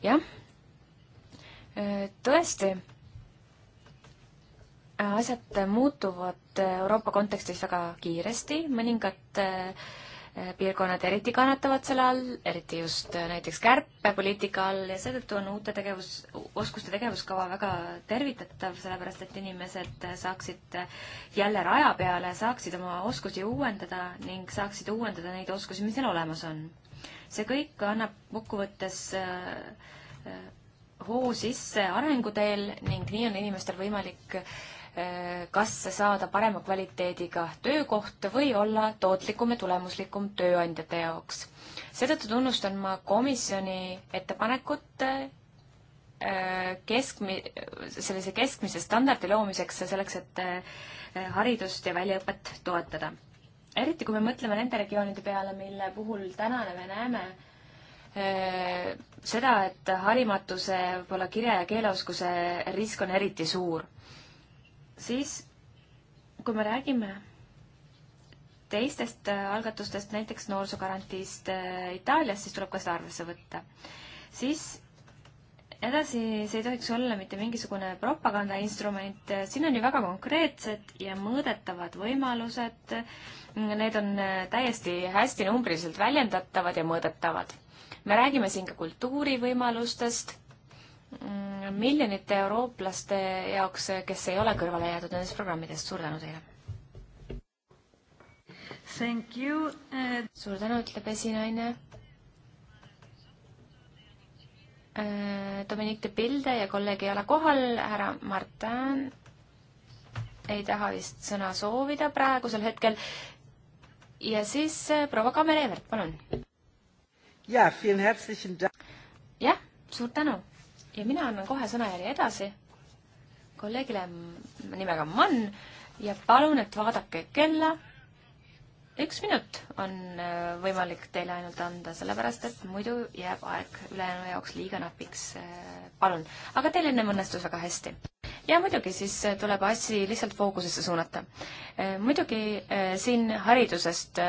jah, äh, tõesti, asjad muutuvad Euroopa kontekstis väga kiiresti, mõningad äh, piirkonnad eriti kannatavad selle all, eriti just äh, näiteks kärpepoliitika all ja seetõttu on uute tegevus, oskuste tegevuskava väga tervitatav, sellepärast et inimesed saaksid jälle raja peale, saaksid oma oskusi uuendada ning saaksid uuendada neid oskusi, mis neil olemas on see kõik annab kokkuvõttes äh, äh, hoo sisse arenguteel ning nii on inimestel võimalik äh, kas saada parema kvaliteediga töökoht või olla tootlikum ja tulemuslikum tööandjate jaoks. seetõttu tunnustan ma komisjoni ettepanekut keskmi-, sellise keskmise standardi loomiseks, selleks et haridust ja väljaõpet toetada eriti kui me mõtleme nende regioonide peale, mille puhul tänane me näeme eh, seda, et harimatuse, võib-olla kirja- ja keeleoskuse risk on eriti suur. siis, kui me räägime teistest eh, algatustest, näiteks noorsoogarantiist eh, Itaalias, siis tuleb ka seda arvesse võtta. siis edasi, see ei tohiks olla mitte mingisugune propagandainstrument, siin on ju väga konkreetsed ja mõõdetavad võimalused Need on äh, täiesti hästi numbriliselt väljendatavad ja mõõdetavad. me räägime siin ka kultuurivõimalustest, mm, miljonite eurooplaste jaoks, äh, kes ei ole kõrvale jäetud nendest programmidest, suur tänu teile! Thank you uh.... suur tänu, ütleb esinaine Dominique de Pilde ja kolleeg ei ole kohal, härra Martin ei taha vist sõna soovida praegusel hetkel ja siis äh, proua Kammer-Evert, palun. jaa, jah, suur tänu ja mina annan kohe sõnajärje edasi kolleegile nimega Mann ja palun, et vaadake kella. üks minut on äh, võimalik teile ainult anda, sellepärast et muidu jääb aeg ülejäänu jaoks liiga napiks. Äh, palun, aga teil ennem õnnestus väga hästi ja muidugi siis äh, tuleb asi lihtsalt fookusesse suunata. Äh, muidugi äh, siin haridusest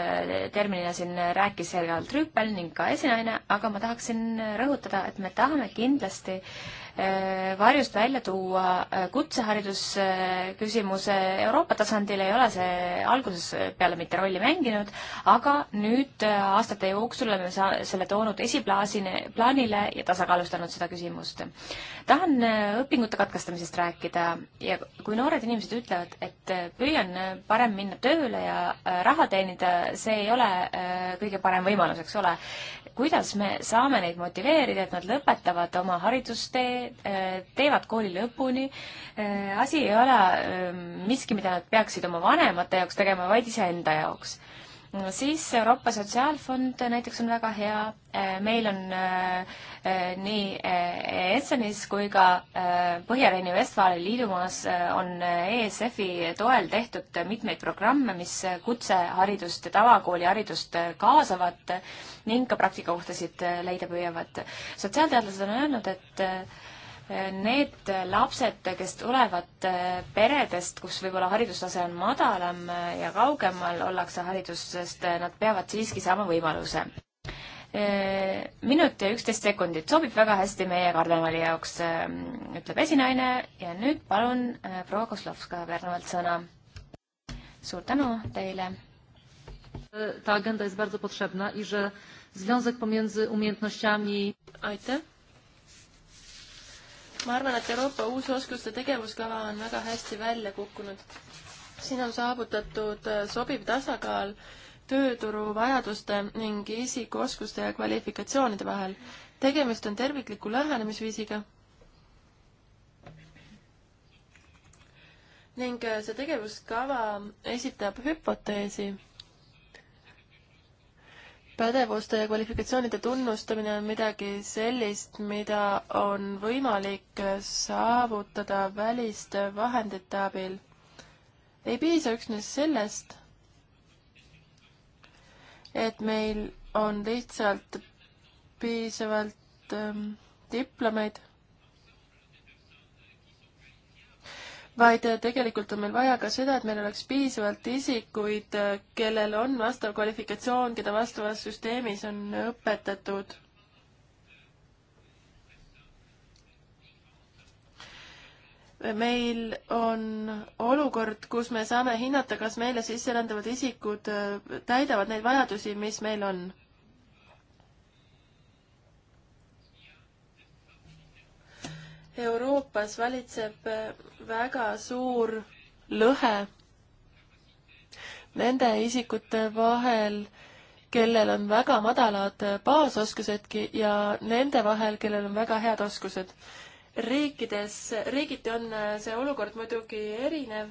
terminina siin rääkis Helga Trüüpel ning ka esinaine, aga ma tahaksin rõhutada, et me tahame kindlasti äh, Äh, varjust välja tuua äh, kutseharidusküsimuse Euroopa tasandil ei ole see alguses peale mitte rolli mänginud, aga nüüd äh, aastate jooksul oleme selle toonud esiplaasine, plaanile ja tasakaalustanud seda küsimust. tahan õpingute katkestamisest rääkida ja kui noored inimesed ütlevad, et püüan parem minna tööle ja raha teenida, see ei ole kõige parem võimalus, eks ole, kuidas me saame neid motiveerida, et nad lõpetavad oma haridustee, äh, teevad kooli lõpuni. Äh, asi ei ole ähm, miski, mida nad peaksid oma vanemate jaoks tegema, vaid iseenda jaoks siis Euroopa Sotsiaalfond näiteks on väga hea, äh, meil on äh, äh, nii Essenis kui ka Põhja-Rheini-Vestfaali liidumaas on ESF-i toel tehtud mitmeid programme, mis kutseharidust ja tavakooliharidust kaasavad ning ka praktikakohtasid leida püüavad. sotsiaalteadlased on öelnud, et need lapsed, kes tulevad äh, peredest, kus võib-olla haridustase on madalam äh, ja kaugemal ollakse haridusest, äh, nad peavad siiski saama võimaluse. minut ja üksteist sekundit sobib väga hästi meie kardinali jaoks, ütleb esinaine ja nüüd palun proua Kozlovskaja järgnevalt sõna. suur tänu teile. Ta agenda jest bardzo potrzebna i że związek pomiędzy umiejętnościami aitäh ma arvan, et Euroopa uusoskuste tegevuskava on väga hästi välja kukkunud. siin on saavutatud äh, sobiv tasakaal tööturu vajaduste ning isikuoskuste ja kvalifikatsioonide vahel. tegemist on tervikliku lähenemisviisiga ning äh, see tegevuskava esitab hüpoteesi pädevuste ja kvalifikatsioonide tunnustamine on midagi sellist, mida on võimalik saavutada väliste vahendite abil. ei piisa üksnes sellest, et meil on lihtsalt piisavalt ähm, diplomeid vaid äh, tegelikult on meil vaja ka seda, et meil oleks piisavalt isikuid, äh, kellel on vastav kvalifikatsioon, keda vastavas süsteemis on õpetatud. meil on olukord, kus me saame hinnata, kas meile sisserändavad isikud äh, täidavad neid vajadusi, mis meil on Euroopas valitseb äh, väga suur lõhe nende isikute vahel, kellel on väga madalad äh, baasoskusedki ja nende vahel, kellel on väga head oskused. riikides, riigiti on äh, see olukord muidugi erinev,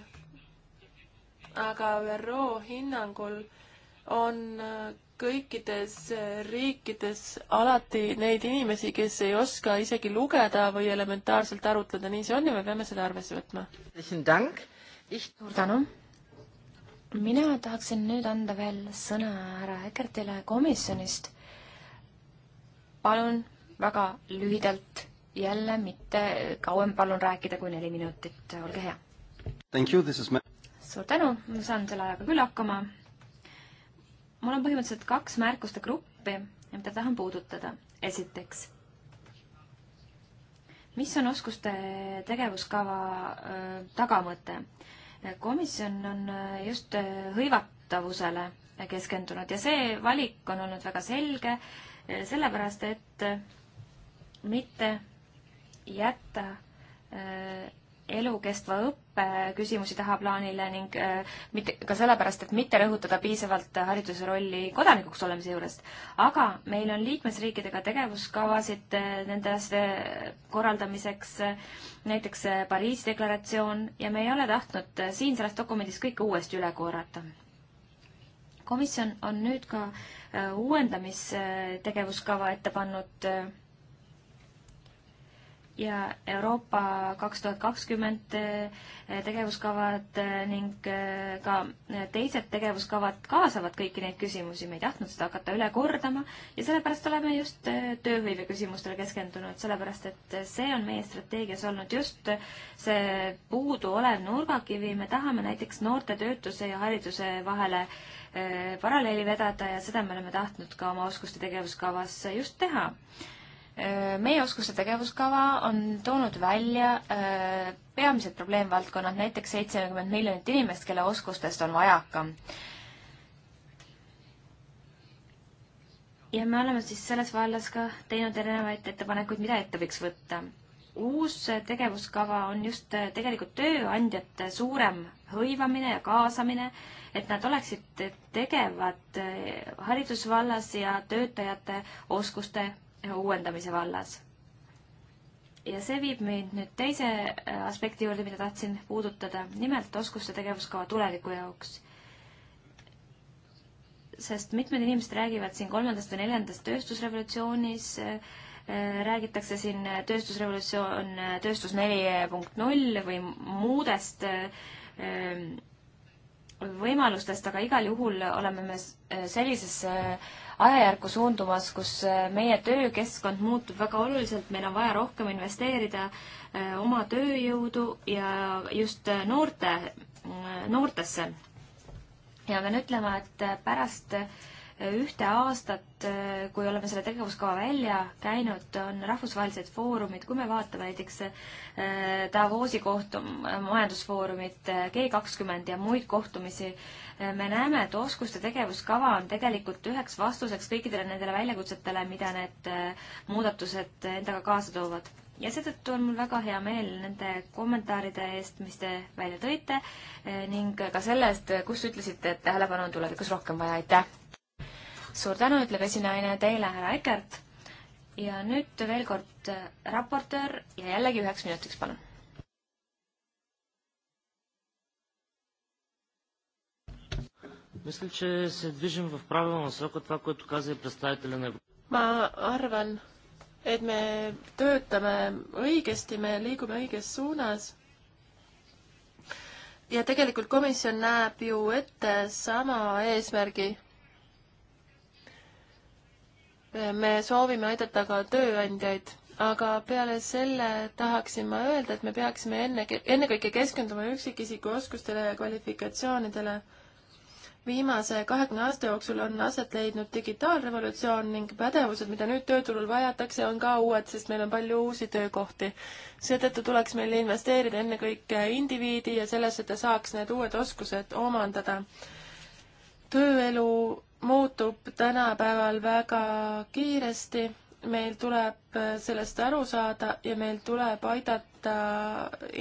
aga ÜRO hinnangul on kõikides riikides alati neid inimesi, kes ei oska isegi lugeda või elementaarselt arutleda, nii see on ja me peame seda arvesse võtma. suur tänu. mina tahaksin nüüd anda veel sõna härra Ekertile komisjonist. palun väga lühidalt, jälle mitte kauem palun rääkida kui neli minutit, olge hea. suur tänu, ma saan selle ajaga küll hakkama mul on põhimõtteliselt kaks märkuste gruppi, mida tahan puudutada. esiteks, mis on oskuste tegevuskava tagamõte? komisjon on just hõivatavusele keskendunud ja see valik on olnud väga selge, sellepärast et mitte jätta elukestva õppe küsimusi tahaplaanile ning äh, mitte ka sellepärast, et mitte rõhutada piisavalt hariduse rolli kodanikuks olemise juurest. aga meil on liikmesriikidega tegevuskavasid äh, nende asjade korraldamiseks, äh, näiteks Pariisi deklaratsioon ja me ei ole tahtnud siin selles dokumendis kõike uuesti üle korrata komisjon on nüüd ka uuendamistegevuskava ette pannud ja Euroopa kaks tuhat kakskümmend eh, tegevuskavad eh, ning eh, ka teised tegevuskavad kaasavad kõiki neid küsimusi, me ei tahtnud seda hakata üle kordama ja sellepärast oleme just tööhõive küsimustele keskendunud, sellepärast et see on meie strateegias olnud just see puuduolev nurgakivi, me tahame näiteks noorte töötuse ja hariduse vahele paralleeli vedada ja seda me oleme tahtnud ka oma oskuste tegevuskavas just teha Äh, meie oskuste tegevuskava on toonud välja äh, peamised probleemvaldkonnad, näiteks seitsekümmend miljonit inimest, kelle oskustest on vajaka. ja me oleme siis selles vallas ka teinud erinevaid ettepanekuid, mida ette võiks võtta. uus tegevuskava on just äh, tegelikult tööandjate suurem hõivamine ja kaasamine, et nad oleksid tegevad haridusvallas ja töötajate oskuste uuendamise vallas. ja see viib meid nüüd teise äh, aspekti juurde, mida tahtsin puudutada, nimelt oskuste tegevuskava tuleviku jaoks. sest mitmed inimesed räägivad siin kolmandast või neljandast tööstusrevolutsioonis, äh, äh, räägitakse siin tööstusrevolutsioon, tööstus neli punkt null või muudest võimalustest, aga igal juhul oleme me sellisesse äh, ajajärku suundumas, kus äh, meie töökeskkond muutub väga oluliselt, meil on vaja rohkem investeerida äh, oma tööjõudu ja just noorte, noortesse. ja pean ütlema, et pärast äh, ühte aastat, eh, kui oleme selle tegevuskava välja käinud, on rahvusvahelised foorumid, kui me vaatame näiteks eh, Davosi kohtum-, majandusfoorumit, eh, G kakskümmend ja muid kohtumisi, me näeme, et oskuste tegevuskava on tegelikult üheks vastuseks kõikidele nendele väljakutsetele, mida need muudatused endaga kaasa toovad ja seetõttu on mul väga hea meel nende kommentaaride eest, mis te välja tõite ning ka selle eest, kus ütlesite, et tähelepanu on tulevikus rohkem vaja, aitäh! suur tänu, ütleb esinaine teile, härra Ekert. ja nüüd veel kord äh, raportöör ja jällegi üheks minutiks, palun. ma arvan, et me töötame õigesti, me liigume õiges suunas ja tegelikult komisjon näeb ju ette sama eesmärgi me soovime aidata ka tööandjaid, aga peale selle tahaksin ma öelda, et me peaksime enne, ennekõike keskenduma üksikisiku oskustele ja kvalifikatsioonidele. viimase kahekümne aasta jooksul on aset leidnud digitaalrevolutsioon ning pädevused, mida nüüd tööturul vajatakse, on ka uued, sest meil on palju uusi töökohti. seetõttu tuleks meil investeerida ennekõike indiviidi ja sellesse, et ta saaks need uued oskused omandada. tööelu muutub tänapäeval väga kiiresti, meil tuleb sellest aru saada ja meil tuleb aidata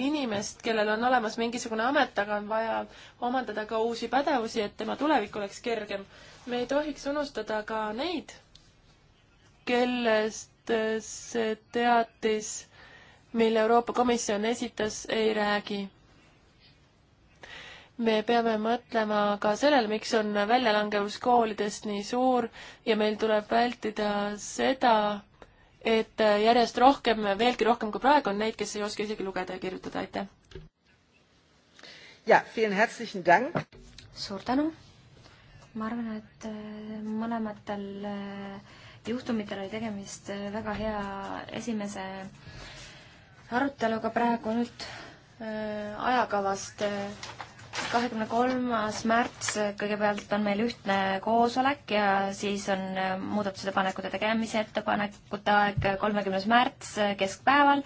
inimest, kellel on olemas mingisugune amet, aga on vaja omandada ka uusi pädevusi, et tema tulevik oleks kergem. me ei tohiks unustada ka neid, kellest see teatis, mille Euroopa Komisjon esitas, ei räägi me peame mõtlema ka sellele, miks on väljalangevus koolidest nii suur ja meil tuleb vältida seda, et järjest rohkem, veelgi rohkem kui praegu on neid, kes ei oska isegi lugeda ja kirjutada, aitäh! jaa, vielen herzlichen Dank! suur tänu! ma arvan, et äh, mõlematel äh, juhtumitel oli tegemist äh, väga hea esimese aruteluga praegu nüüd ajakavast kahekümne kolmas märts kõigepealt on meil ühtne koosolek ja siis on äh, muudatusettepanekute tegemise ettepanekute aeg kolmekümnes märts keskpäeval.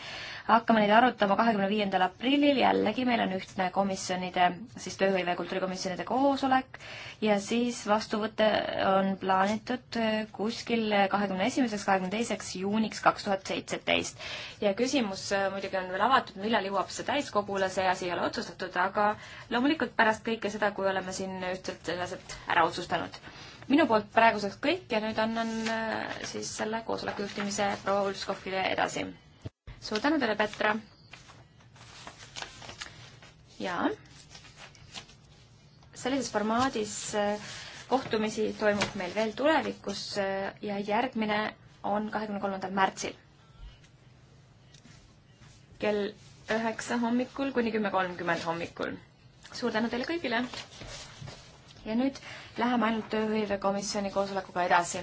hakkame neid arutama kahekümne viiendal aprillil, jällegi meil on ühtne komisjonide, siis tööhõive ja kultuurikomisjonide koosolek ja siis vastuvõte on plaanitud äh, kuskil kahekümne esimeseks, kahekümne teiseks juuniks kaks tuhat seitseteist. ja küsimus äh, muidugi on veel avatud, millal jõuab see täiskogule, see asi ei ole otsustatud, aga loomulikult pärast kõike seda, kui oleme siin ühtselt need asjad ära otsustanud. minu poolt praeguseks kõik ja nüüd annan äh, siis selle koosoleku juhtimise proua Ulfskovile edasi. suur tänu teile, Petra! jaa, sellises formaadis äh, kohtumisi toimub meil veel tulevikus äh, ja järgmine on kahekümne kolmandal märtsil kell üheksa hommikul kuni kümme kolmkümmend hommikul suur tänu teile kõigile. ja nüüd läheme ainult tööhõivekomisjoni koosolekuga edasi.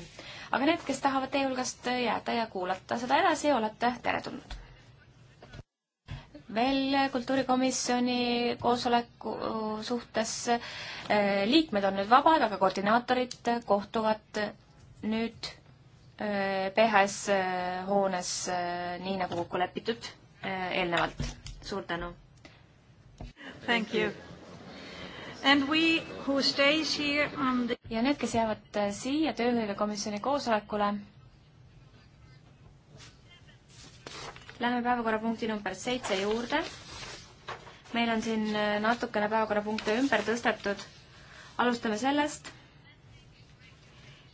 aga need, kes tahavad teie hulgast jääda ja kuulata seda edasi, olete teretulnud. veel kultuurikomisjoni koosoleku suhtes. Eh, liikmed on nüüd vabad, aga koordinaatorid kohtuvad nüüd eh, PHS eh, hoones nii nagu kokku lepitud eelnevalt. suur tänu! Thank you. The... ja need, kes jäävad äh, siia tööhõivekomisjoni koosolekule, lähme päevakorrapunkti number seitse juurde. meil on siin äh, natukene päevakorrapunkte ümber tõstetud. alustame sellest,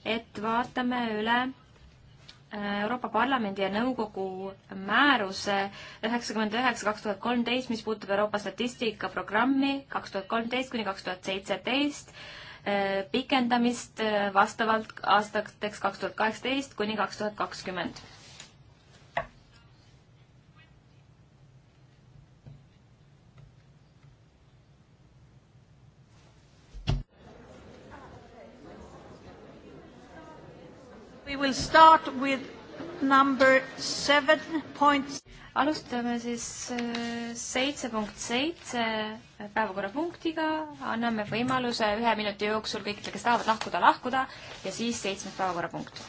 et vaatame üle Euroopa Parlamendi ja Nõukogu määruse üheksakümmend üheksa, kaks tuhat kolmteist, mis puudutab Euroopa statistikaprogrammi kaks tuhat kolmteist kuni kaks tuhat seitseteist, eh, pikendamist eh, vastavalt aastateks kaks tuhat kaheksateist kuni kaks tuhat kakskümmend will start with number seven point. alustame siis äh, seitse punkt seitse päevakorrapunktiga, anname võimaluse ühe minuti jooksul kõikidele, kes tahavad lahkuda, lahkuda ja siis seitsmes päevakorrapunkt